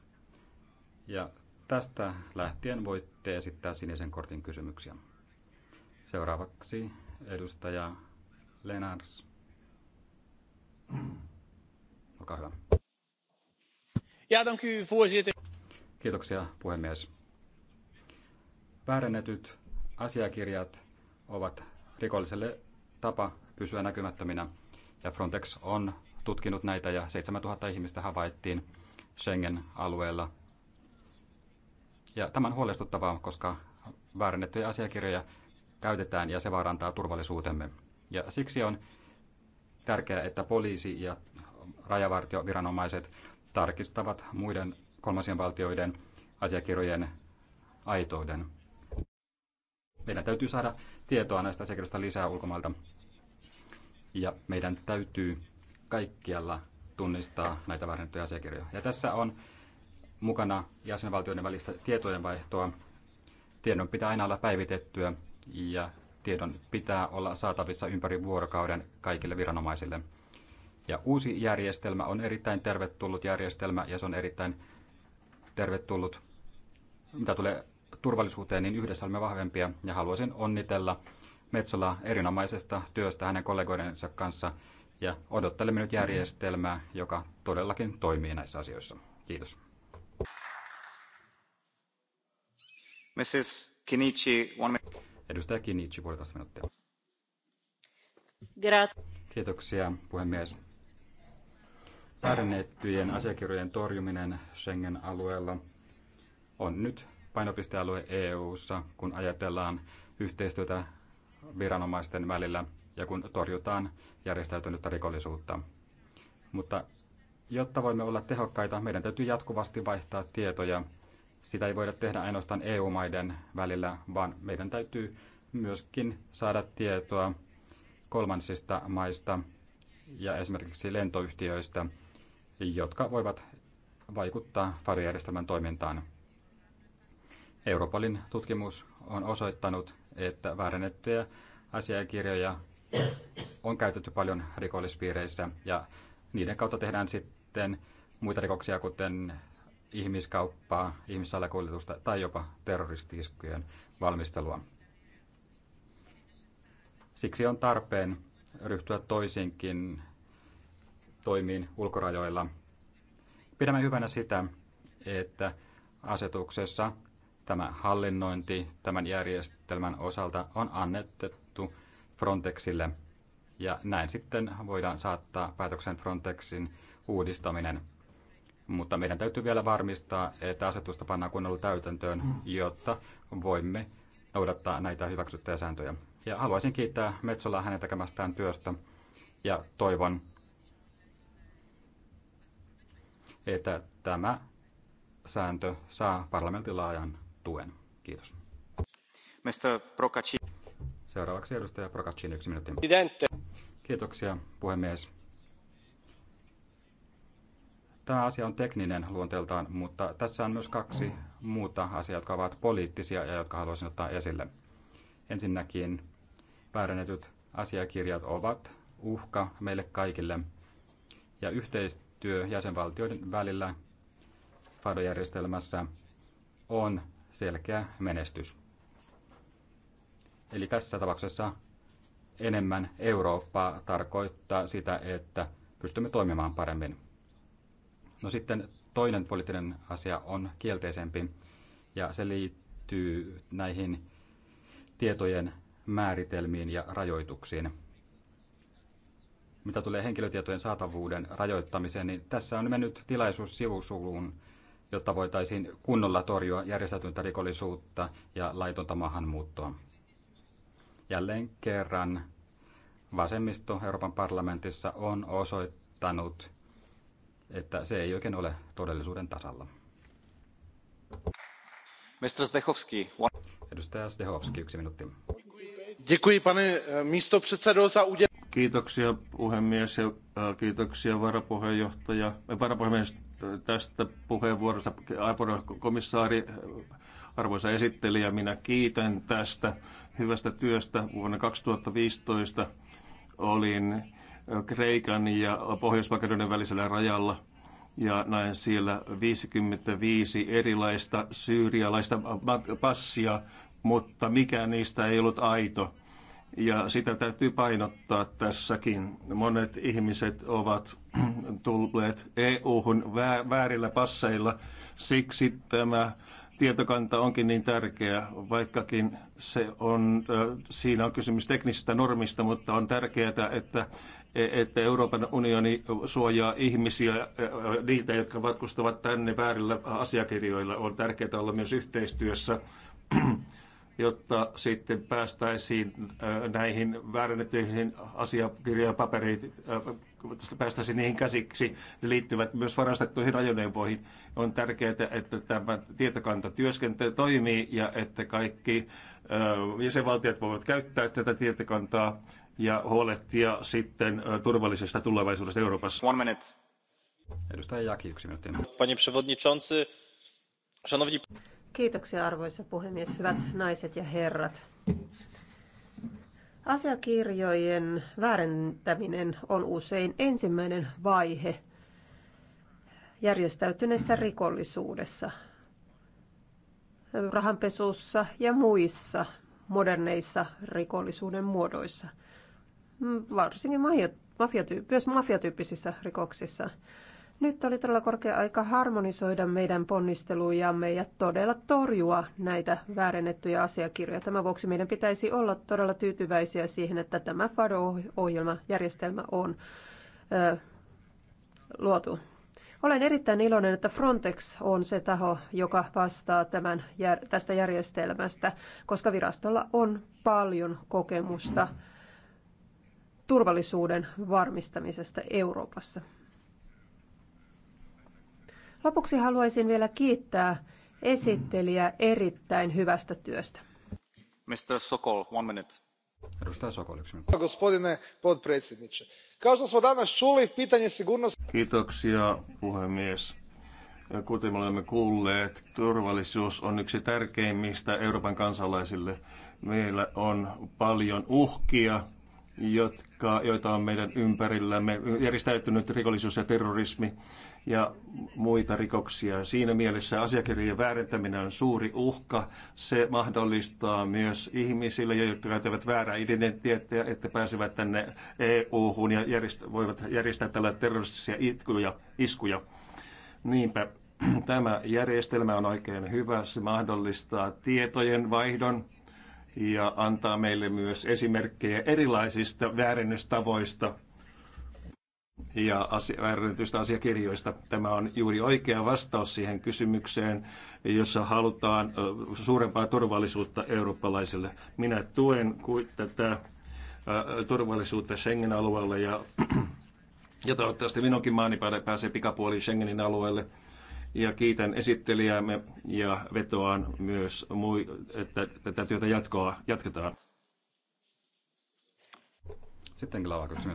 Ja tästä lähtien voitte esittää sinisen kortin kysymyksiä. Seuraavaksi edustaja Lenars. Olkaa hyvä. Ja, voorzitter. Kiitoksia, puhemies. Väärennetyt asiakirjat ovat rikolliselle tapa pysyä näkymättöminä. Ja Frontex on tutkinut näitä ja 7000 ihmistä havaittiin Schengen-alueella. Ja tämä on huolestuttavaa, koska väärennettyjä asiakirjoja käytetään ja se vaarantaa turvallisuutemme. Ja siksi on tärkeää, että poliisi ja rajavartioviranomaiset tarkistavat muiden kolmansien valtioiden asiakirjojen aitouden. Meidän täytyy saada tietoa näistä asiakirjoista lisää ulkomailta ja meidän täytyy kaikkialla tunnistaa näitä väärennettyjä asiakirjoja. Ja tässä on mukana jäsenvaltioiden välistä tietojenvaihtoa. Tiedon pitää aina olla päivitettyä ja tiedon pitää olla saatavissa ympäri vuorokauden kaikille viranomaisille. Ja uusi järjestelmä on erittäin tervetullut järjestelmä ja se on erittäin tervetullut. Mitä tulee turvallisuuteen, niin yhdessä olemme vahvempia ja haluaisin onnitella Metsola erinomaisesta työstä hänen kollegoidensa kanssa ja odottelemme nyt järjestelmää, joka todellakin toimii näissä asioissa. Kiitos. Mrs. Kinichi, one Edustaja Kinichi, puolitoista minuuttia. Gra- Kiitoksia, puhemies. Väärennettyjen asiakirjojen torjuminen Schengen-alueella on nyt painopistealue EU:ssa, kun ajatellaan yhteistyötä viranomaisten välillä ja kun torjutaan järjestäytynyttä rikollisuutta. Mutta jotta voimme olla tehokkaita, meidän täytyy jatkuvasti vaihtaa tietoja. Sitä ei voida tehdä ainoastaan EU-maiden välillä, vaan meidän täytyy myöskin saada tietoa kolmansista maista ja esimerkiksi lentoyhtiöistä, jotka voivat vaikuttaa FARI-järjestelmän toimintaan. Europolin tutkimus on osoittanut, että väärennettyjä asiakirjoja on käytetty paljon rikollispiireissä ja niiden kautta tehdään sitten muita rikoksia, kuten ihmiskauppaa, ihmissalakuljetusta tai jopa terroristiskujen valmistelua. Siksi on tarpeen ryhtyä toisinkin toimiin ulkorajoilla. Pidämme hyvänä sitä, että asetuksessa Tämä hallinnointi tämän järjestelmän osalta on annettu Frontexille ja näin sitten voidaan saattaa päätöksen Frontexin uudistaminen. Mutta meidän täytyy vielä varmistaa, että asetusta pannaan kunnolla täytäntöön, jotta voimme noudattaa näitä hyväksyttyjä sääntöjä. Ja haluaisin kiittää Metsolaa hänen tekemästään työstä ja toivon, että tämä sääntö saa parlamentin laajan tuen. Kiitos. Mr. Seuraavaksi edustaja Prokacin yksi minuutti. Presidente. Kiitoksia, puhemies. Tämä asia on tekninen luonteeltaan, mutta tässä on myös kaksi muuta asiaa, jotka ovat poliittisia ja jotka haluaisin ottaa esille. Ensinnäkin väärennetyt asiakirjat ovat uhka meille kaikille ja yhteistyö jäsenvaltioiden välillä FADO-järjestelmässä on selkeä menestys. Eli tässä tapauksessa enemmän Eurooppaa tarkoittaa sitä, että pystymme toimimaan paremmin. No sitten toinen poliittinen asia on kielteisempi ja se liittyy näihin tietojen määritelmiin ja rajoituksiin. Mitä tulee henkilötietojen saatavuuden rajoittamiseen, niin tässä on mennyt tilaisuus sivusuun jotta voitaisiin kunnolla torjua järjestäytynyttä rikollisuutta ja laitonta maahanmuuttoa. Jälleen kerran vasemmisto Euroopan parlamentissa on osoittanut, että se ei oikein ole todellisuuden tasalla. Mr. Zdechovski. Edustaja Zdechowski, yksi minuutti. Děkuji, pane eh, místo za udělení. Kiitoksia puhemies ja eh, kiitoksia varapuheenjohtaja, varapuhemies tästä puheenvuorosta, komissaari, arvoisa esittelijä, minä kiitän tästä hyvästä työstä. Vuonna 2015 olin Kreikan ja pohjois välisellä rajalla ja näin siellä 55 erilaista syyrialaista passia, mutta mikään niistä ei ollut aito ja sitä täytyy painottaa tässäkin. Monet ihmiset ovat tulleet EU-hun väärillä passeilla, siksi tämä tietokanta onkin niin tärkeä, vaikkakin se on, siinä on kysymys teknisistä normista, mutta on tärkeää, että, e-, että Euroopan unioni suojaa ihmisiä, niitä, jotka matkustavat tänne väärillä asiakirjoilla. On tärkeää olla myös yhteistyössä jotta sitten päästäisiin äh, näihin väärennettyihin asiakirjapapereihin, paperiin, äh, päästäisiin niihin käsiksi. Ne liittyvät myös varastettuihin ajoneuvoihin. On tärkeää, että tämä tietokanta työskentelee toimii ja että kaikki äh, jäsenvaltiot voivat käyttää tätä tietokantaa ja huolehtia sitten turvallisesta tulevaisuudesta Euroopassa. One minute. Edustaja Jaki, yksi minuutti. Panie przewodniczący, szanowni... Kiitoksia arvoisa puhemies, hyvät naiset ja herrat. Asiakirjojen väärentäminen on usein ensimmäinen vaihe järjestäytyneessä rikollisuudessa, rahanpesussa ja muissa moderneissa rikollisuuden muodoissa, mm, varsinkin mafiatyyppisissä rikoksissa. Nyt oli todella korkea aika harmonisoida meidän ponnistelujamme ja todella torjua näitä väärennettyjä asiakirjoja. Tämän vuoksi meidän pitäisi olla todella tyytyväisiä siihen, että tämä fado ohjelmajärjestelmä järjestelmä on ö, luotu. Olen erittäin iloinen, että Frontex on se taho, joka vastaa tämän, tästä järjestelmästä, koska virastolla on paljon kokemusta turvallisuuden varmistamisesta Euroopassa. Lopuksi haluaisin vielä kiittää esittelijä erittäin hyvästä työstä. Mr. Sokol, one minute. Edustaja Sokol, yksi minuutti. Gospodine podpredsjedniče. Kao što smo danas čuli, pitanje sigurnosti... Kiitoksia, puhemies. Kuten me olemme kuulleet, turvallisuus on yksi tärkeimmistä Euroopan kansalaisille. Meillä on paljon uhkia, jotka, joita on meidän ympärillämme, järjestäytynyt rikollisuus ja terrorismi ja muita rikoksia. Siinä mielessä asiakirjojen väärentäminen on suuri uhka. Se mahdollistaa myös ihmisille, jotka käyttävät väärää identiteettiä, että pääsevät tänne EU-hun ja järjest- voivat järjestää tällä terroristisia itkuja, iskuja. Niinpä tämä järjestelmä on oikein hyvä. Se mahdollistaa tietojen vaihdon ja antaa meille myös esimerkkejä erilaisista väärennystavoista ja asia asiakirjoista. Tämä on juuri oikea vastaus siihen kysymykseen, jossa halutaan suurempaa turvallisuutta eurooppalaisille. Minä tuen tätä turvallisuutta Schengen-alueella ja, ja toivottavasti minunkin maani pääsee pikapuoliin Schengenin alueelle. Ja kiitän esittelijäämme ja vetoan myös, että tätä työtä jatkoa, jatketaan. Sitten Glava, kaksi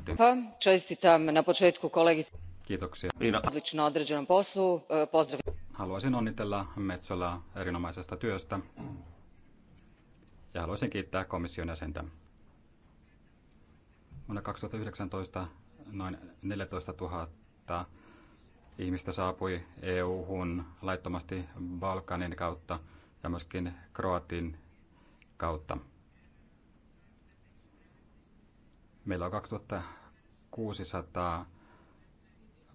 Čestitam na početku kolegici. Kiitoksia. Odlično određenom poslu. E, pozdrav. Haluaisin onnitella Metsola erinomaisesta työstä ja haluaisin kiittää komission jäsentä. Vuonna 2019 noin 14 000 ihmistä saapui EU-hun laittomasti Balkanin kautta ja myöskin Kroatin kautta. Meillä on 2600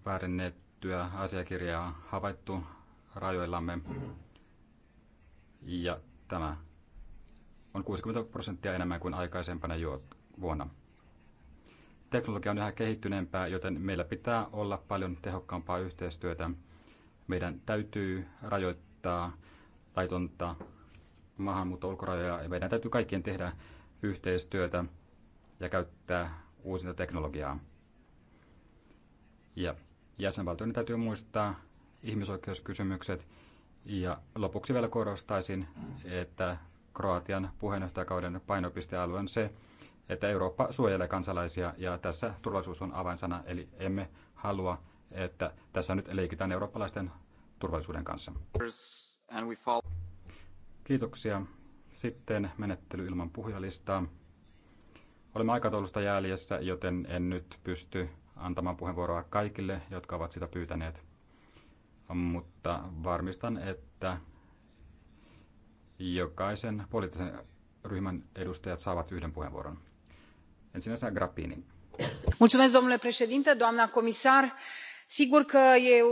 väärennettyä asiakirjaa havaittu rajoillamme. Ja tämä on 60 prosenttia enemmän kuin aikaisempana vuonna. Teknologia on yhä kehittyneempää, joten meillä pitää olla paljon tehokkaampaa yhteistyötä. Meidän täytyy rajoittaa laitonta maahanmuutto ulkorajoja ja meidän täytyy kaikkien tehdä yhteistyötä ja käyttää uusinta teknologiaa. Ja jäsenvaltioiden täytyy muistaa ihmisoikeuskysymykset. Ja lopuksi vielä korostaisin, että Kroatian puheenjohtajakauden painopistealue on se, että Eurooppa suojelee kansalaisia ja tässä turvallisuus on avainsana, eli emme halua, että tässä nyt leikitään eurooppalaisten turvallisuuden kanssa. Kiitoksia. Sitten menettely ilman puhujalistaa. Olemme aikataulusta jäljessä, joten en nyt pysty antamaan puheenvuoroa kaikille, jotka ovat sitä pyytäneet. Mutta varmistan, että jokaisen poliittisen ryhmän edustajat saavat yhden puheenvuoron. Ensimmäisenä Grappini. Mulțumesc, domnule președinte, doamna comisar. Sigur că e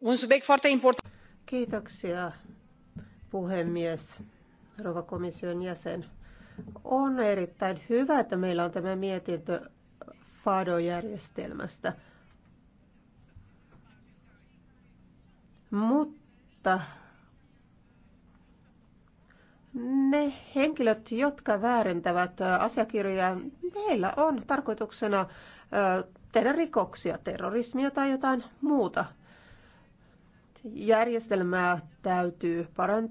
un subiect foarte important. Kiitoksia, puhemies, rouva komission jäsen on erittäin hyvä, että meillä on tämä mietintö FADO-järjestelmästä. Mutta ne henkilöt, jotka väärentävät asiakirjoja, heillä on tarkoituksena tehdä rikoksia, terrorismia tai jotain muuta. Järjestelmää täytyy parantaa.